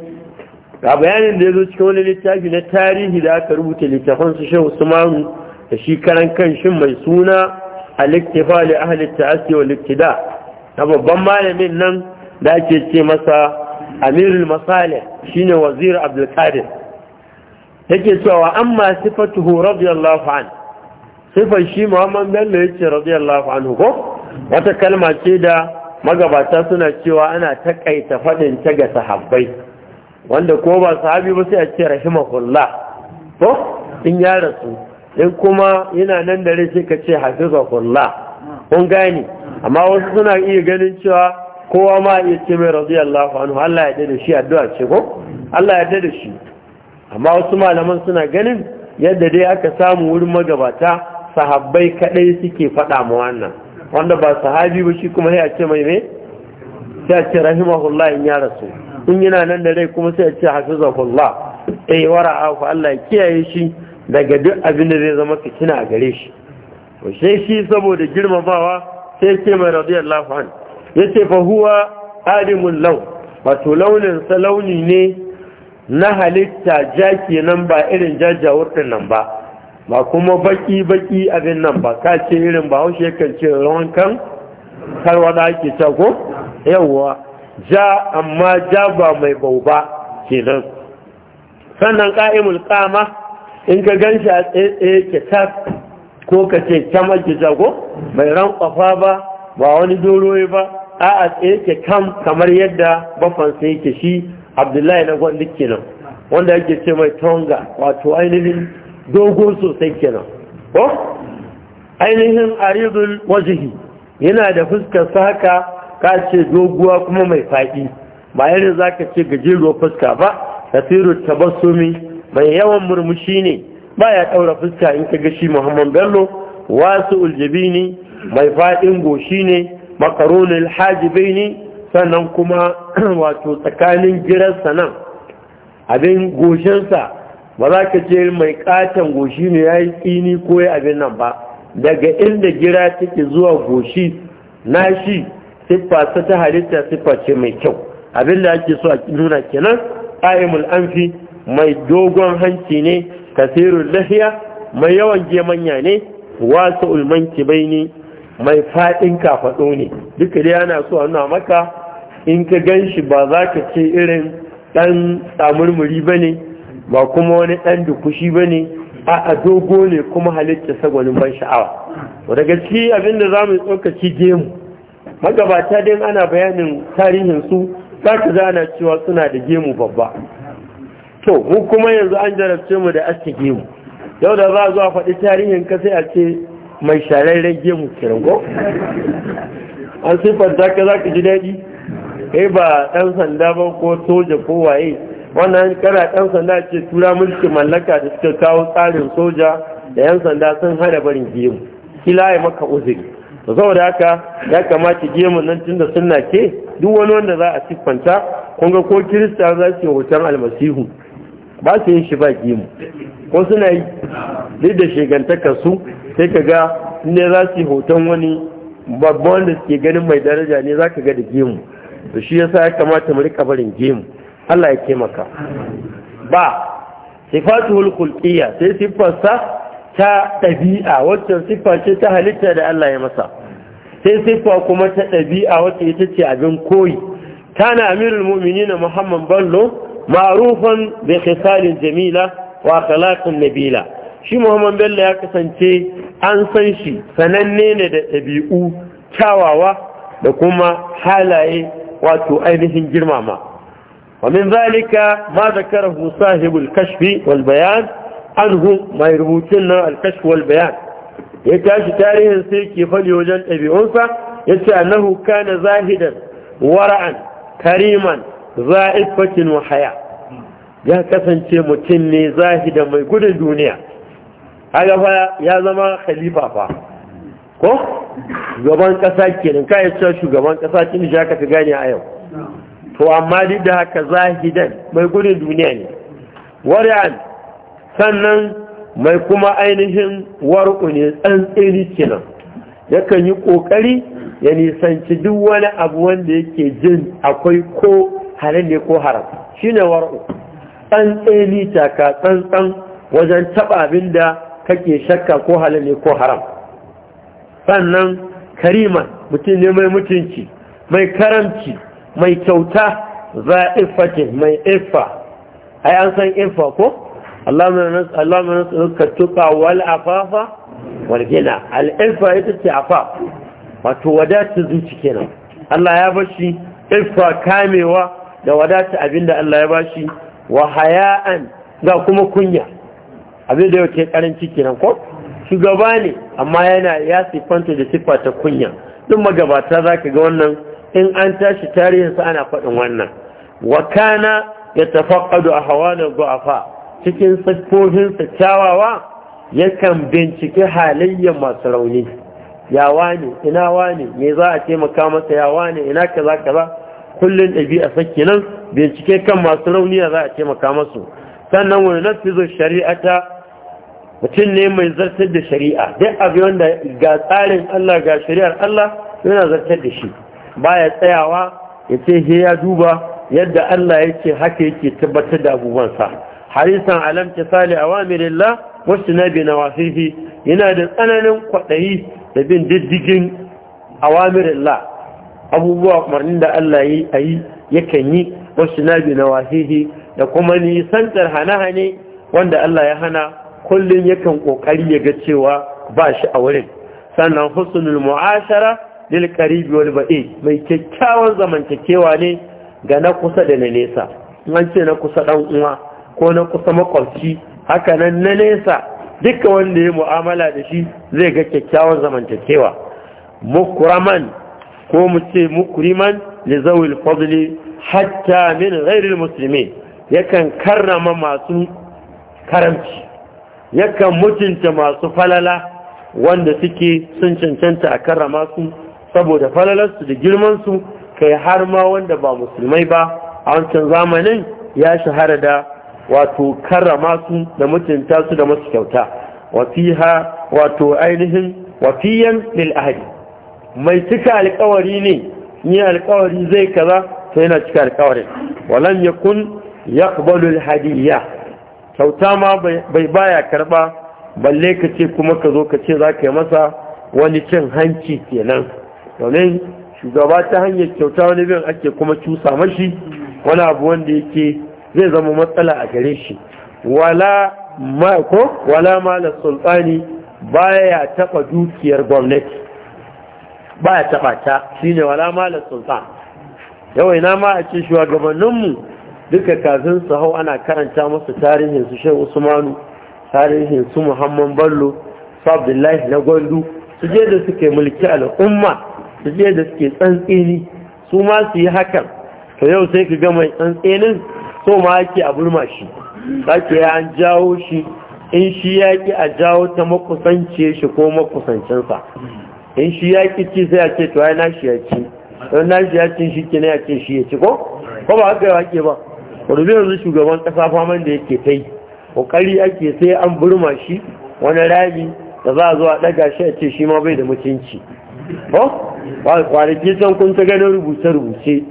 ga bayanin da zo cikin wani littafi na tarihi da aka rubuta littafan su Shehu Usman da shi karan kan mai suna al iktifa li ahli ta'assi wa ibtida na babban malamin nan da ake ce masa amirul masale shine wazir abdulkadir yake cewa amma sifatuhu radiyallahu an sifar shi muhammad bello ya ce radiyallahu anhu ko wata kalma ce da magabata suna cewa ana takaita faɗin ta ga sahabbai wanda ko ba sahabi ba sai a ce rahimahullah ko in ya rasu in kuma yana nan da rai sai ka ce hafizahullah kun gane amma wasu suna iya ganin cewa kowa ma iya ce mai radiyallahu anhu Allah ya da shi addu'a ce ko Allah ya da shi amma wasu malaman suna ganin yadda dai aka samu wurin magabata sahabbai kadai suke faɗa mu wannan wanda ba sahabi ba shi kuma ya ce mai me sai a ce rahimahullah in ya rasu in yana nan da rai kuma sai a ce hafizahullah eh wara'a fa Allah ya kiyaye shi daga duk abin da zai zama fitina a gare shi to sai shi saboda girmamawa sai ce mai radiyallahu an ya ce fa huwa adimun lau wato launin sa launi ne na halitta ja kenan ba irin jajawar nan ba ba kuma baki baki abin nan ba ka ce irin ba haushe kan ce rawan kan da ake ta yawwa ja amma ja ba mai bau ba kenan sannan ka'imul kama in ka gan shi a tsaye tsaye ke ko ka ce kamar ki jago bai kwafa ba ba wani doroyi ba a a tsaye kam kamar yadda bafansa yake shi abdullahi na gwandu kenan wanda yake ce mai tonga wato ainihin dogon sosai kenan ko ainihin aridul wajihi yana da fuskar sa haka ka ce doguwa kuma mai faɗi ba yadda za ka ce gajeruwar fuska ba tasiru tabassumi mai yawan murmushi ne baya ɗaura fuska in ka gashi muhammad bello wasu uljabi ne mai faɗin goshi ne makaronin hajibai ne sannan kuma wato tsakanin girarsa nan abin goshensa ba za ka ce mai katon goshi ne ya yi tsini ko ya abin nan ba daga inda gira take zuwa goshi na shi siffa ta halitta siffa ce mai kyau abin da ake so a nuna kenan ƙa'imul amfi mai dogon hanci ne kasirul lahiya mai yawan gemanya ne wasu ulmanki bai ne mai faɗin kafaɗo ne duka dai ana so a nuna maka in ka gan ba za ka ce irin ɗan tsamurmuri ba ne ba kuma wani ɗan dukushi ba ne a dogo ne kuma halitta sagwanin ban sha'awa daga ciki abinda za mu tsokaci gemu magabata din ana bayanin tarihinsu za ka zana cewa suna da gemu babba to mu kuma yanzu an jarabce mu da aske gemu yau da za a zuwa faɗi tarihin ka sai a ce mai shararren gemu kirango an siffanta ka za ka ji daɗi kai ba ɗan sanda ba ko soja ko waye wannan kana ɗan sanda ce tura mulkin mallaka da suka kawo tsarin soja da yan sanda sun hada barin gemu kila ya maka uzuri to saboda haka ya kamata gemu nan tun da sunna ke? duk wani wanda za a siffanta kun ga ko kirista za su yi hoton almasihu ba su yin shi ba gemu ko suna yi duk da shegantaka su sai ka ga ne za su yi hoton wani babban wanda suke ganin mai daraja ne za ka ga da gemu da shi yasa ya kamata mu rika barin gemu Allah ya taimaka ba sifatul khulqiyya sai siffarsa ta ɗabi'a wacce siffa ce ta halitta da Allah ya masa sai siffa kuma ta ɗabi'a wacce ita ce abin koyi kana amirul mu'minin Muhammad Ballo. ma'rufan bi khisalin jamila wa akhlaqin nabila shi Muhammad Bello ya kasance an san shi sananne ne da ɗabi'u kyawawa da kuma halaye wato ainihin girmama wa min zalika ma zakarahu sahibul kashfi wal bayan anhu mai rubutun nan al kashf bayan ya tashi tarihin sai ke fali wajen ɗabi'unsa ya ce annahu kana zahidan wara'an kariman za'ifatin Wahaya ya kasance mutum ne zahida mai gudun duniya haka ya zama khalifa fa ko gaban kasa kenan kai cewa shugaban kasa kin ja ka gane a yau to amma duk da haka zahidan mai gudun duniya ne wari'an sannan mai kuma ainihin warku ne tsantsiri kenan yakan yi kokari ya nisanci duk wani abu wanda yake jin akwai ko halin ne ko haram shine war'u tsantseni taka tsantsan wajen taɓa abin da kake shakka ko halin ne ko haram sannan karima mutum ne mai mutunci mai karamci mai kyauta za a ce mai ifa ai an san ifa ko Allahumma nas'aluka tuqa wal afafa wal gina al ifa ita ce afaf wato wadatun zuci kenan Allah ya bashi ifa kamewa da wadata abinda Allah ya bashi wa haya'an ga kuma kunya abin da yake karanci kenan ko shugaba ne amma yana ya siffanta da siffa ta kunya duk magabata zaka ga wannan in an tashi tarihinsa ana faɗin wannan Wakana ya wa kana hawa ahwalal du'afa cikin siffofinsa kyawawa yakan bincike halayyar masu rauni ya wane ina wane me za a taimaka masa ya wane ina kaza kaza kullun ɗabi'a sakke nan bincike kan masu rauniya za a taimaka masu sannan wani shari'a shari'ata mutum ne mai zartar da shari'a duk abu wanda ga tsarin Allah ga shari'ar Allah yana zartar da shi baya tsayawa ya ce he ya duba yadda Allah yake haka yake tabbatar da abubuwansa harisan alam tisali awamirillah wasu bi na yana da tsananin kwaɗayi da bin diddigin awamirillah abubuwa umarnin da Allah yi yi yakan yi wasu biyu na wahihi da kuma nisantar hane-hane wanda Allah ya hana kullum yakan ƙoƙari ya ga cewa ba shi a wurin sannan husnul mu'ashara lil qaribi wal ba'i mai kyakkyawan zamantakewa ne ga na kusa da na nesa an ce na kusa ɗan uwa ko na kusa makwabci haka nan na nesa duka wanda ya mu'amala da shi zai ga kyakkyawan zamantakewa mukraman ko mu ce mukriman li zawil fadli hatta min ghairil muslimin yakan karrama masu karamci yakan mutunta masu falala wanda suke sun cancanta a karrama su saboda falalarsu da girmansu kai har ma wanda ba musulmai ba a wancan zamanin ya shahara da wato karrama su da mutunta su da masu kyauta fiha wato ainihin wafiyan lil ahadi mai cika alkawari ne ni alkawari zai kaza ta yana cika alkawari walam yakun yaqbalu alhadiyya kyauta ma bai baya karba balle ka ce kuma ka zo ka ce za ka yi masa wani cin hanci kenan domin shugaba ta hanyar kyauta wani bin ake kuma cusa mashi wani abu wanda yake zai zama matsala a gare shi wala ma ko wala mala sultani baya taba dukiyar gwamnati Ba ya taba ta shine wala malar sultan yawai na ma a ce mu duka kafin su hau ana karanta musu tarihin su shehu usmanu tarihin su muhammad Ballo, abdullahi na gwandu su je da suke mulki al'umma su je da suke tsantsini su ma su yi hakan to yau sai ka gama tsantsinin so ma ake a burma shi sake ya an jawo shi in shi yaki a jawo ta makusance shi ko makusancinsa in shi ya ƙi ci sai a ce to ai na shi ya ci don na shi ya ci shi ke ya ce shi ya ci ko ko ba haka wake ba rubi yanzu shugaban ƙasa faman da yake ta yi ƙoƙari ake sai an burma shi wani rami da za a zo a ɗaga shi a ce shi ma bai da mutunci ko ba kwanaki can kun ta ganin rubuce-rubuce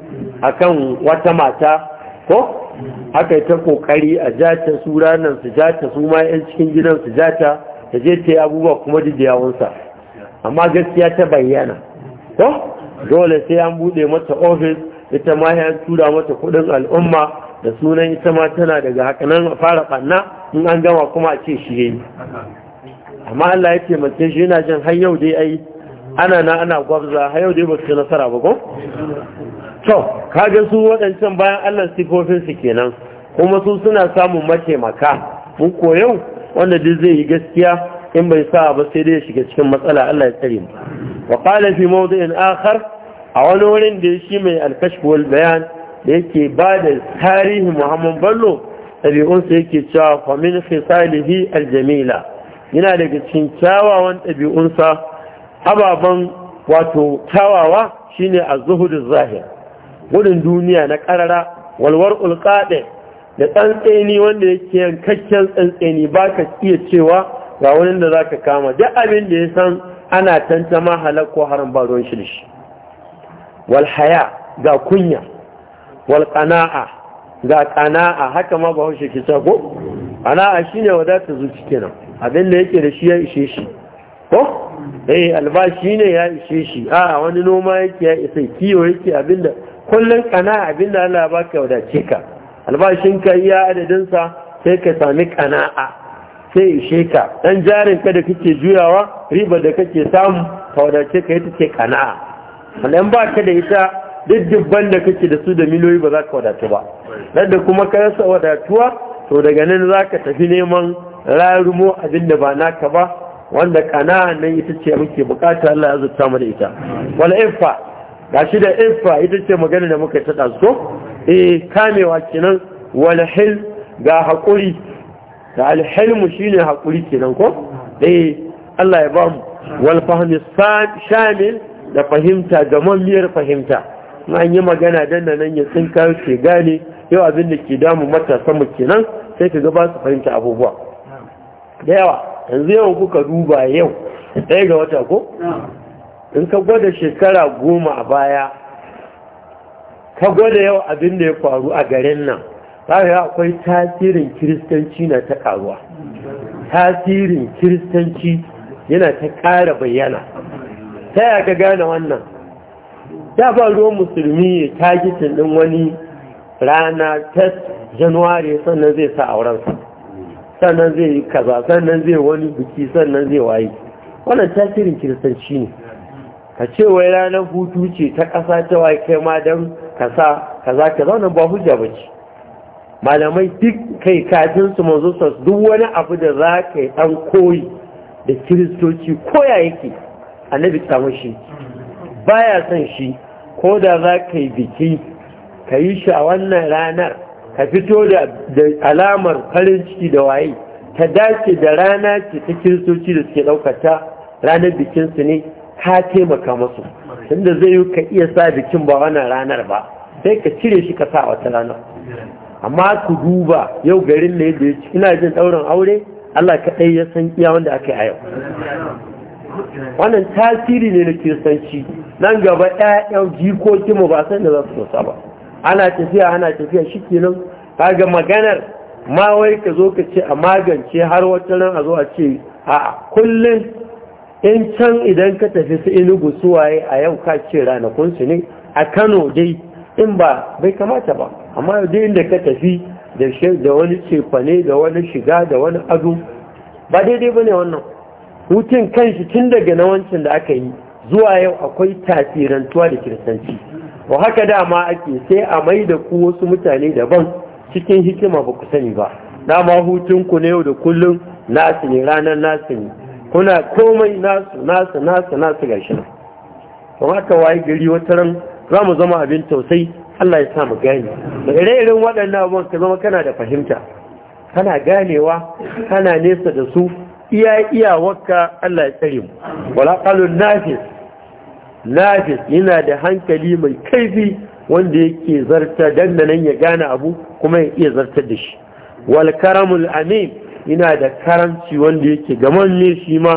a kan wata mata ko aka ta ƙoƙari a jata su ranar su jata su ma 'yan cikin gidan su jata ta je ta yi abubuwa kuma jijiyawunsa amma gaskiya ta bayyana ko dole sai an bude mata ofis ita ma ya tura mata kuɗin al'umma da sunan ita ma tana daga haka nan fara ɓanna in an gama kuma a ce shi yayi amma Allah ya taimake shi yana jin har yau dai ai ana na ana gwabza har yau dai ba su nasara ba ko to kaga su wadancan bayan Allah sifofin su kenan kuma su suna samun maka, mun koyau wanda duk zai yi gaskiya in bai sa ba sai dai shiga cikin matsala Allah ya tsare mu wa qala fi mawdi'in akhar a wani wurin da shi mai al-kashf wal bayan da yake ba da tarihi Muhammad Bello ɗabi'un sa yake cewa fa min khisalihi al-jamila yana daga cikin kyawawan ɗabi'un sa ababan wato kyawawa shine az-zuhudu zahir gudun duniya na karara walwar ulqade da tsantseni wanda yake yankakken tsantseni baka iya cewa ga wurin da za ka kama duk abin da ya san ana tantama halak ko haram ba ruwan shi da shi wal haya ga kunya wal qana'a ga qana'a haka ma ba haushe kisa ta ko qana'a shine wadata zuci kenan abin da yake da shi ya ishe shi ko eh albashi ne ya ishe shi a wani noma yake ya isa kiyo yake Kullum kullun qana'a da Allah ya baka wadace ka albashin ka iya adadin sa sai ka sami qana'a sai ishe ka dan jarin ka da kake juyawa riba da kake samu ka wadace ka ita ce kana'a sannan ba ka da ita duk dubban da kake da su da miliyoyi ba za ka wadatu ba nan da kuma ka rasa wadatuwa to daga nan za ka tafi neman rarumo abin da ba naka ba wanda kana'a nan ita ce muke bukata Allah ya zuta mu da ita wala ifa gashi da ifa ita ce magana da muka tada so eh kamewa kenan wala hil ga hakuri da alhilmu shine haƙuri kenan ko eh Allah ya bamu wal fahmi shamil da fahimta da mammiyar fahimta an yi magana dan nan ya tsinka ke gane yau abin da ke damu matasan mu kenan sai ka ga su fahimta abubuwa da yawa yanzu yawan kuka duba yau ɗaya ga wata ko? in ka gwada shekara goma a baya ka gwada yau abin da ya faru a garin nan kaga akwai tasirin kiristanci na ta karuwa tasirin kiristanci yana ta ƙara bayyana ta ya ka gane wannan Ta faruwa musulmi ya tagitin ɗin wani rana ta januwari sannan zai sa aurensa sannan zai yi kaza sannan zai wani biki sannan zai waye wannan tasirin kiristanci ne ka ce wai ranar hutu ce ta ƙasa ta waye kai ma don ka sa kaza ka zauna ba hujja ba ce malamai duk kai kafin su manzo duk wani abu da za ka yi dan koyi da kiristoci koya yake annabi samu shi baya son shi ko da za ka yi biki ka yi shi a wannan ranar ka fito da alamar farin ciki da waye ta dace da rana ce ta kiristoci da suke ɗaukata ranar bikinsu ne ka taimaka masu tunda zai yi ka iya sa bikin ba wannan ranar ba sai ka cire shi ka sa wata ranar amma ku duba yau garin da ina jin ɗaurin aure Allah kaɗai ya san iya wanda aka yi a yau wannan tasiri ne na kiristanci nan gaba ɗayan jikoki mu ba san da za su ba ana tafiya ana tafiya shi kenan kaga maganar ma wai ka zo ka ce a magance har wata ran a zo a ce a kullum in can idan ka tafi su inugu suwaye a yau ka ce ranakunsu ne a kano dai in ba bai kamata ba amma yau da ka tafi da wani cefane da wani shiga da wani azu ba daidai ba ne wannan hutun kanshi tun daga na wancan da aka yi zuwa yau akwai tasirantuwa da kiristanci ba haka dama ake sai a mai da ku wasu mutane daban cikin hikima ba ku sani ba dama hutunku na yau da kullum nasu ne ranar nasu ne kuna komai nasu nasu nasu nasu gashi nan kuma ka waye gari wata ran za mu zama abin tausai Allah ya sa mu gane da ire-iren waɗannan abubuwan ka zama kana da fahimta kana ganewa kana nesa da su iya iyawarka Allah ya tsare mu wala nafis nafis yana da hankali mai kaifi wanda yake zarta dandanan ya gane abu kuma ya iya zartar da shi wal karamul amin yana da karanci wanda yake gaman ne shi ma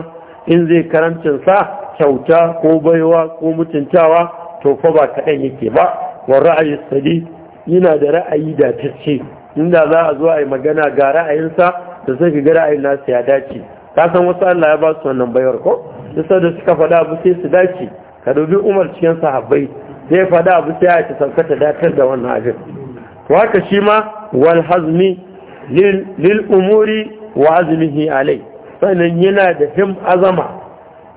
in zai karancin sa kyauta ko baiwa ko mutuntawa to fa ba kaɗan yake ba wa ra'ayi sadi yana da ra'ayi da tacce inda za a zo a yi magana ga ra'ayinsa da sai ga ra'ayin nasu ya dace ka san wasu Allah ya ba su wannan bayar ko sai da suka faɗa abu sai su dace ka dubi Umar cikin sahabbai sai faɗa abu sai ya ta datar da wannan abin waka shi ma wal hazmi lil umuri wa azmihi alai sannan yana da him azama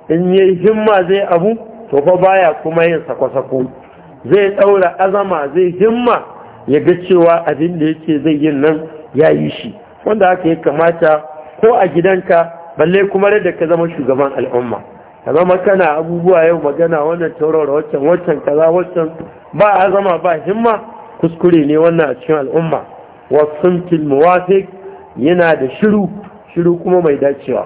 in yayi himma zai abu to fa baya kuma yin sako-sako zai daura azama zai himma ya ga cewa abin da yake zai yin nan ya yi shi wanda haka ya kamata ko a gidanka balle kuma da ka zama shugaban al'umma ka zama kana abubuwa yau magana wannan taurara waccan waccan kaza waccan ba azama ba himma kuskure ne wannan a cikin al'umma wasumtil muwafiq yana da shiru shiru kuma mai dacewa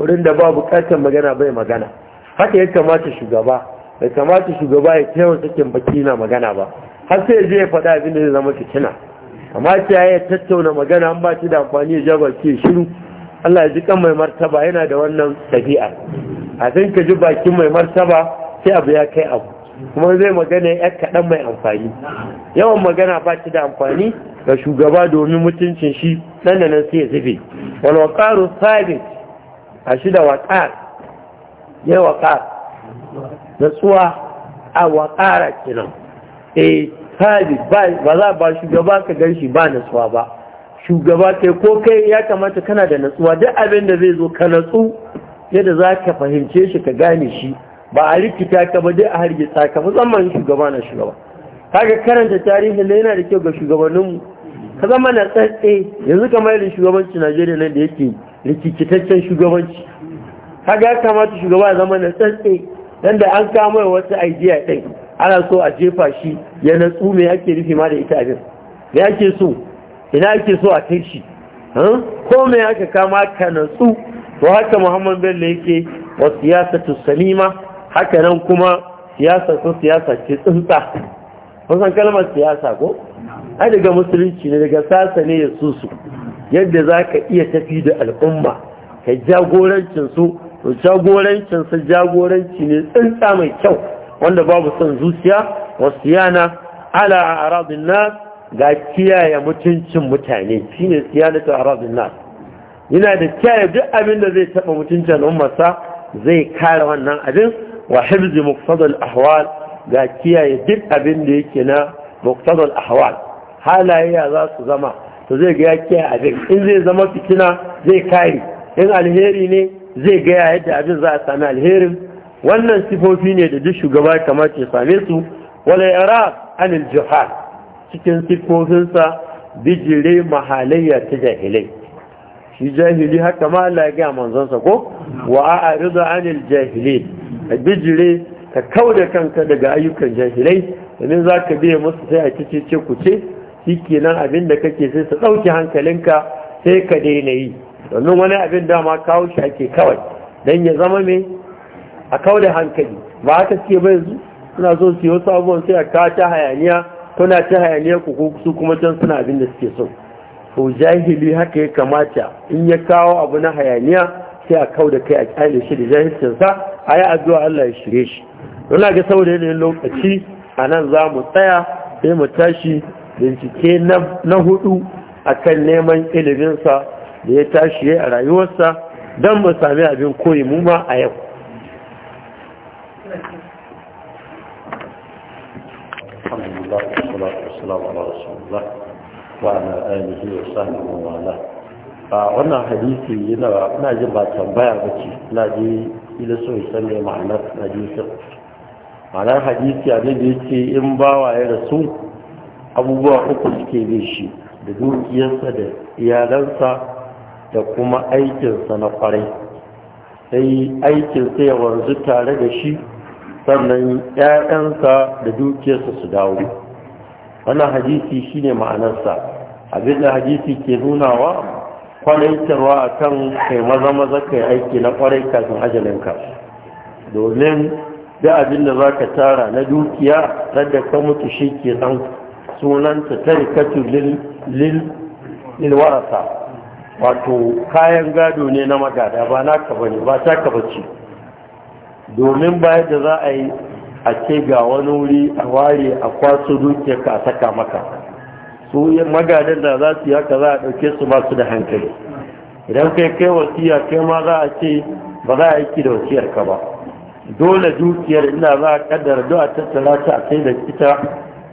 wurin da ba bukatar magana bai magana haka ya kamata shugaba ya kamata shugaba ya kewa sakin baki na magana ba har sai ya je ya faɗa abin da zai zama fitina amma ki ya tattauna magana an ba shi da amfani ya ja ki shiru Allah ya ji kan mai martaba yana da wannan tabi'a a san ka ji bakin mai martaba sai abu ya kai abu kuma zai magana ya kaɗan mai amfani yawan magana ba shi da amfani ga shugaba domin mutuncin shi nan da nan sai ya zube wal waqaru sabit a waqar ya da natsuwa a waƙara kenan eh sabi ba za ba shugaba ka gan shi ba natsuwa ba shugaba kai ko kai ya kamata kana da natsuwa duk abin da zai zo ka natsu yadda za ka fahimce shi ka gane shi ba a rikita ka ba dai a hargitsa ka musamman shugaba na shugaba kaga karanta tarihin da yana da kyau ga shugabanninmu ka zama na tsatse yanzu kamar da shugabanci najeriya nan da yake rikikitaccen shugabanci kaga ya kamata shugaba ya zama natsatse dan da an kama wata idea din ana so a jefa shi ya natsu me ake rufe ma da ita abin me ake so ina ake so a kai shi ko me aka kama ka natsu to haka Muhammad Bello yake wa siyasatu salima haka nan kuma siyasa ko siyasa ce tsinta kusan kalmar siyasa ko ai daga musulunci ne daga sasa ne ya susu yadda za ka iya tafi da al'umma ka jagorancin su to jagorancinsa jagoranci ne tsinta mai kyau wanda babu son zuciya wasu yana ala a arabin nas ga kiyaye mutuncin mutane shine siyanatu arabin nas yana da kiyaye duk abin da zai taba mutuncin al'ummarsa zai kare wannan abin wa hibzi muqtadal ahwal ga kiyaye duk abin da yake na muqtadal ahwal halaye za su zama to zai ga ya kiyaye abin in zai zama fitina zai kare in alheri ne zai gaya yadda abin za a sami alherin wannan sifofi ne da duk shugaba kamar ya same su wala yara anil jihad cikin sifofinsa bijire mahalayya ta jahilai shi jahili haka ma Allah ya gaya manzonsa ko wa a a'ridu anil a bijire ka da kanka daga ayyukan jahilai domin za ka biya musu sai a cice ce ku ce shi kenan abin da kake sai su ɗauki hankalinka sai ka daina yi domin wani abin dama kawo shi ake kawai don ya zama mai a kawo da hankali ba haka suke bai zu suna so su yi wasu sai a kawo ta hayaniya kuna ta hayaniya ku su kuma can suna abin da suke so to jahili haka ya kamata in ya kawo abu na hayaniya sai a kawo da kai a kyale shi da jahilcinsa a yi addu'a Allah ya shirye shi muna ga saboda yanayin lokaci a nan za mu tsaya sai mu tashi bincike na hudu akan neman iliminsa da ya tashi ya a rayuwarsa don mu sami abin koyi mu ma a yau alhamdulillah a wannan hadisi yana na ji ba tambaya ba ce na ji ila so ya sanya ma'anar hadisin ma'anar hadisi a nan da ce in ba wa ya rasu abubuwa uku suke bin shi da dukiyarsa da iyalansa da kuma aikinsa na kwarai sai aikinsa ya wanzu tare da shi sannan ‘ya'yansa da dukiyarsa su dawo wannan hadisi shine ma'anarsa abin da hadisi ke nunawa kwanaitarwa a kan kai maza-maza kai aiki na kwarai kafin ajalinka domin da abin da za ka tara na dukiya radda ka mutu shi ke sunanta tarikatu lil warasa wato kayan gado ne na magada ba na kaba ne ba taka ce domin bayan da za a yi a ce ga wani wuri a ware a kwaso dukiya ka saka maka su yin magadan da za su yi haka za a ɗauke su masu da hankali idan kai kai wasiya kai ma za a ce ba za a yi da wasiyar ka ba dole dukiyar ina za a kaddara duk a tattara ta a sai da ita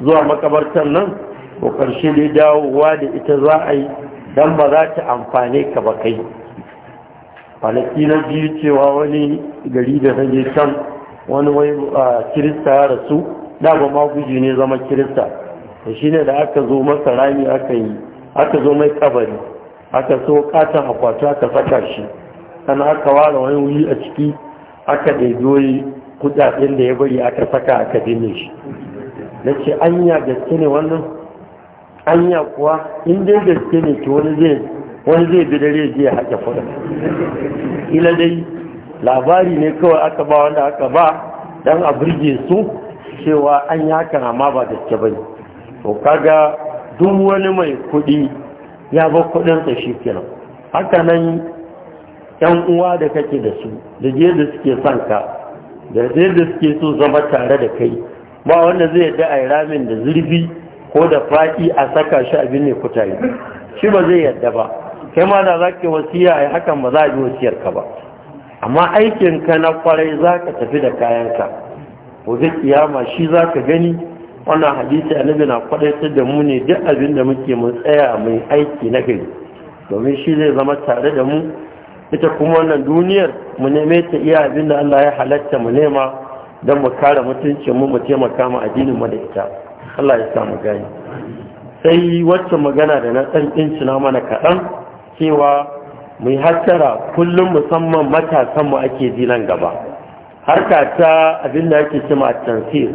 zuwa makabartar nan ko karshe dai dawowa da ita za a yi Dan ba za ta amfane ka ba kai kwanaki na biyu cewa wani gari da zanje can wani wai kirista ya rasu dama ma guji ne zama kirista da shi ne da aka zo masa rami aka yi aka zo mai kabari aka so katon akwati aka saka shi sannan aka ware wani wuri a ciki aka ɗaidoyi kudaden da ya bari aka saka aka dine shi na ce anya gaske ne wannan anya kuwa in dai gaske ne ki wani zai bi dare je ya haƙe kuɗin ila dai labari ne kawai aka ba wanda aka ba dan a burge su cewa an yi hakan amma ba gaske ba ne to kaga duk wani mai kuɗi ya ba kuɗinsa shi kenan haka nan yan uwa da kake da su da je da suke son ka da je da suke so zama tare da kai ba wanda zai da a da zurfi ko da faɗi a saka shi abin ne kutare shi ba zai yadda ba kai ma da za ka wasiya yi hakan ba za a bi ka ba amma aikin ka na kwarai za ka tafi da kayanka gobe kiyama shi za ka gani wannan hadisi annabi na ta da mu ne duk abin da muke mu tsaya mai aiki na gari domin shi zai zama tare da mu ita kuma wannan duniyar mu neme ta iya abin da Allah ya halatta mu nema don mu kare mutuncin mu mu taimaka mu addinin mu da ita Allah ya samu gani sai wacce magana da na ɗan ɗincina mana kaɗan cewa mai hattara kullum musamman matasanmu ake ji nan gaba harka ta abin da ake cima a tansir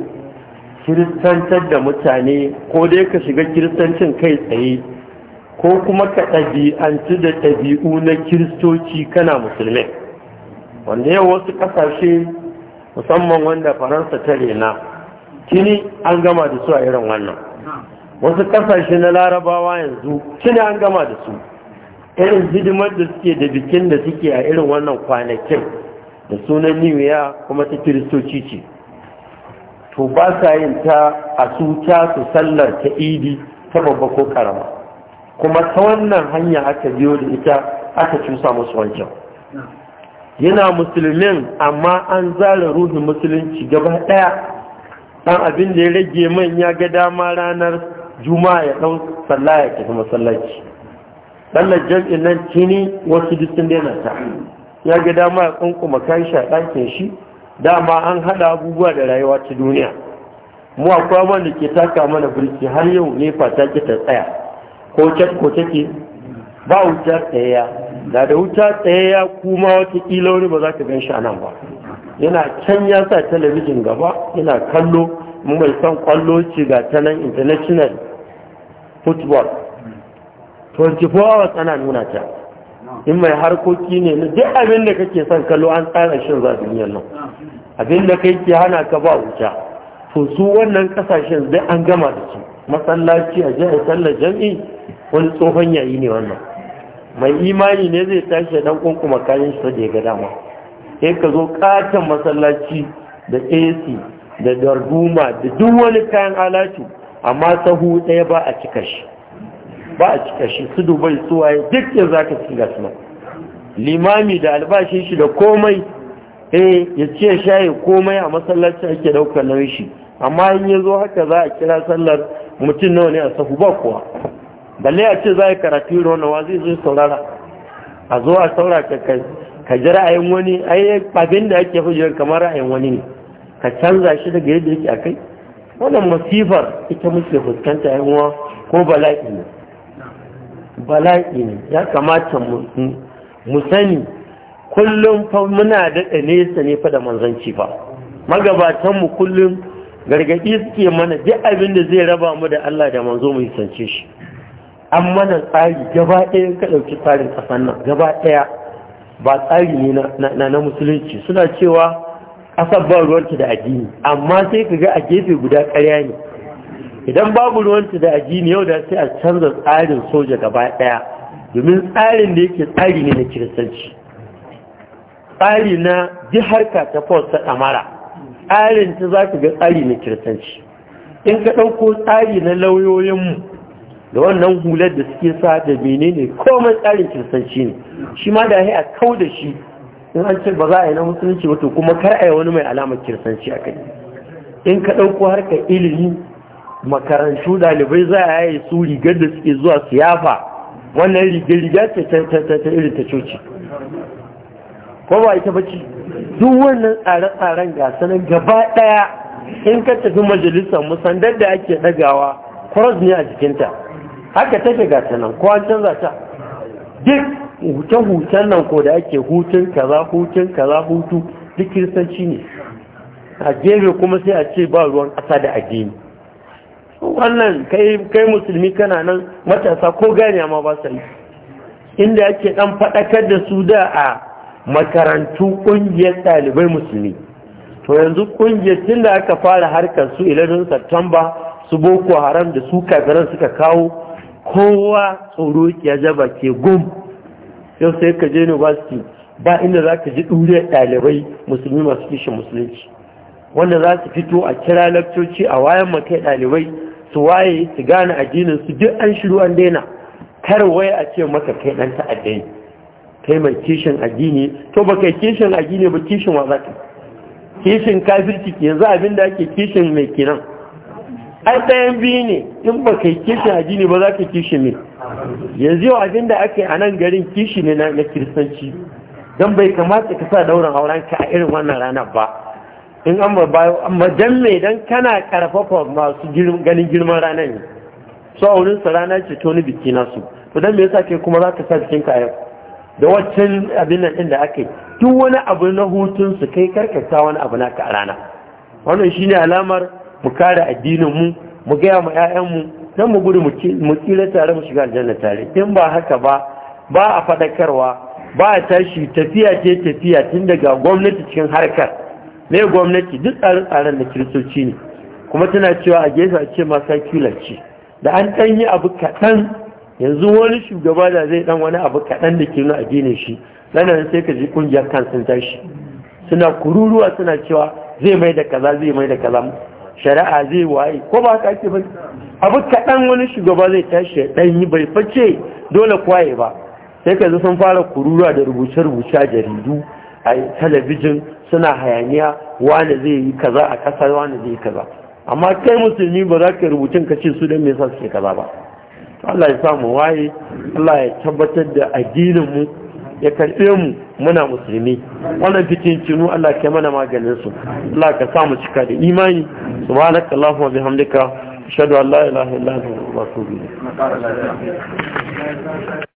kiristantar da mutane ko dai ka shiga kiristancin kai tsaye ko kuma ka ɗabi'anci da ɗabi'u na kiristoci kana musulmi wanda yau wasu ƙasashe musamman wanda faransa ta rena Kini an gama da su a irin wannan wasu kasashe na larabawa yanzu kini an gama da su irin hidimar da suke da bikin da suke a irin wannan kwanakin da sunan new kuma ta kiristoci ce to ba sa yin ta a su su sallar ta idi ta babba ko karama kuma ta wannan hanya aka biyo da ita aka cusa musu wancan yana musulmin amma an zara ruhin musulunci gaba ɗaya dan abin da ya rage man ya ga dama ranar juma'a ya dau sallah ya masallaci sallar jam'in nan tini wasu dukkan daina ta ya ga dama ya kunkuma kanshi a ɗakin shi dama an haɗa abubuwa da rayuwa ta duniya mu akwai wanda ke taka mana birki har yau ne fata ki ta tsaya ko ko take ba wuta tsayayya da da wuta tsayayya kuma wata kila wani ba za ka gan shi a nan ba yana can ya sa talabijin gaba yana kallo mai son kwallo ci ga tanan international football 24 hours ana nuna ta in mai harkoki ne na duk abin da kake son kallo an tsara shin za duniyar nan abin da kai ke hana ka ba wuta to su wannan kasashen zai an gama da su masallaci a jihar sallar jam'i wani tsohon yayi ne wannan mai imani ne zai tashi dan kunkuma kayan shi da ya ga dama sai ka zo katon masallaci da ac da darduma da duk wani kayan alatu amma sahu ɗaya ba a cika shi ba a cika shi su dubai su waye duk yanzu za ka cika gasma limami da albashin shi da komai eh ya ce shaye komai a masallaci ake daukar nauyin shi amma in ya zo haka za a kira sallar mutum nawa ne a sahu ba kuwa balle a ce za a karatu wani wannan wa zai saurara a zo a saura ka kai ka ji ra'ayin wani ai abin da ake hujjar kamar ra'ayin wani ne ka canza shi daga yadda yake kai. wannan masifar ita muke fuskanta yan uwa ko bala'i ne bala'i ne ya kamata mu sani kullum fa muna daɗa nesa ne fa da manzanci fa magabatanmu kullum gargaɗi suke mana duk abin da zai raba mu da Allah da manzo mu hisance shi an mana tsari gaba ɗaya ka ɗauki tsarin ƙasar nan gaba ɗaya ba tsari ne na musulunci suna cewa ƙasar ba ruwanta da addini amma sai ka ga a gefe guda ƙarya ne idan babu ruwanta da addini yau da sai a canza tsarin soja gaba ɗaya domin tsarin da yake tsari ne na kiristanci tsari na ji harka ta fos ta ɗamara tsarin ta za ka ga tsari na kiristanci in ka ɗauko tsari na lauyoyinmu da wannan hular da suke sa da ne komai tsarin kirsanci ne shi ma da a kau da shi in an ce ba za a yi na musulunci ba kuma kar a yi wani mai alamar kirsanci a kai in ka ɗauko harkar ilimi makarantu ɗalibai za a yi su rigar da suke zuwa siyafa wannan rigar rigar ta irin ta coci ko ba ita bace duk wannan tsare-tsaren gasa na gaba ɗaya in ka tafi majalisar musandar da ake ɗagawa cross ne a jikinta haka ta shiga nan ko an canza ta duk huce-hucen nan ko da ake hutun kaza hutun kaza hutu duk kiristanci ne a gefe kuma sai a ce ba ruwan ƙasa da addini wannan kai musulmi kana nan matasa ko gani ma ba sa yi inda ake dan faɗakar da su da a makarantu ƙungiyar ɗalibai musulmi to yanzu ƙungiyar tun da aka fara harkar su 11 satamba su boko haram da su kafiran suka kawo kowa tsoro ya zaba ke gum yau sai ka je university ba inda za ka ji ɗuriyar ɗalibai musulmi masu kishin musulunci wanda za su fito a kira lakcoci a wayan makai ɗalibai su waye su gane addinin su duk an shiru an daina kar waye a ce maka kai ɗan ta'addai kai mai kishin addini to ba kai kishin addini ba kishin wa za ka kishin kafirci yanzu abin da ake kishin mai kenan ai ɗayan biyu ne in ba yi kishin jini ba za ka kishi ne yanzu yau abin da aka yi a nan garin kishi ne na kiristanci don bai kamata ka sa daurin auren ka a irin wannan ranar ba in an ba amma dan mai don kana karfafa masu ganin girman ranar ne su a wurinsa rana ce ta wani biki nasu to don me yasa kai kuma za ka sa cikin ka yau da waccan abin nan din da aka yi duk wani abu na hutun su kai karkata wani abu naka a rana wannan shine alamar mu kare addininmu mu gaya ma 'ya'yanmu don mu gudu mu tsira tare mu shiga aljanna tare in ba haka ba ba a faɗakarwa ba a tashi tafiya ce tafiya tun daga gwamnati cikin harkar me gwamnati duk tsare-tsaren da kiristoci ne kuma tana cewa a gefe a ce masa ce da an ɗan yi abu kaɗan yanzu wani shugaba da zai ɗan wani abu kaɗan da ke nuna addinin shi lana sai ka ji kungiyar kan sun tashi suna kururuwa suna cewa zai mai da kaza zai mai da kaza shari'a zai waye ko ba ka ake bai abu kaɗan wani shugaba zai tashi ɗan yi bai face dole kwaye ba sai ka sun fara kururuwa da rubuce-rubuce a jaridu a talabijin suna hayaniya wani zai yi kaza a ƙasar wani zai yi kaza amma kai musulmi ba za ka rubutun ka ce su don me yasa suke kaza ba Allah ya samu waye Allah ya tabbatar da addinin mu ya karɓe mu muna musulmi wannan fitin cinu Allah ke mana maganin su Allah ka sa mu cika da imani subhanaka allahumma bihamdika ashhadu an la ilaha illa anta astaghfiruka wa atubu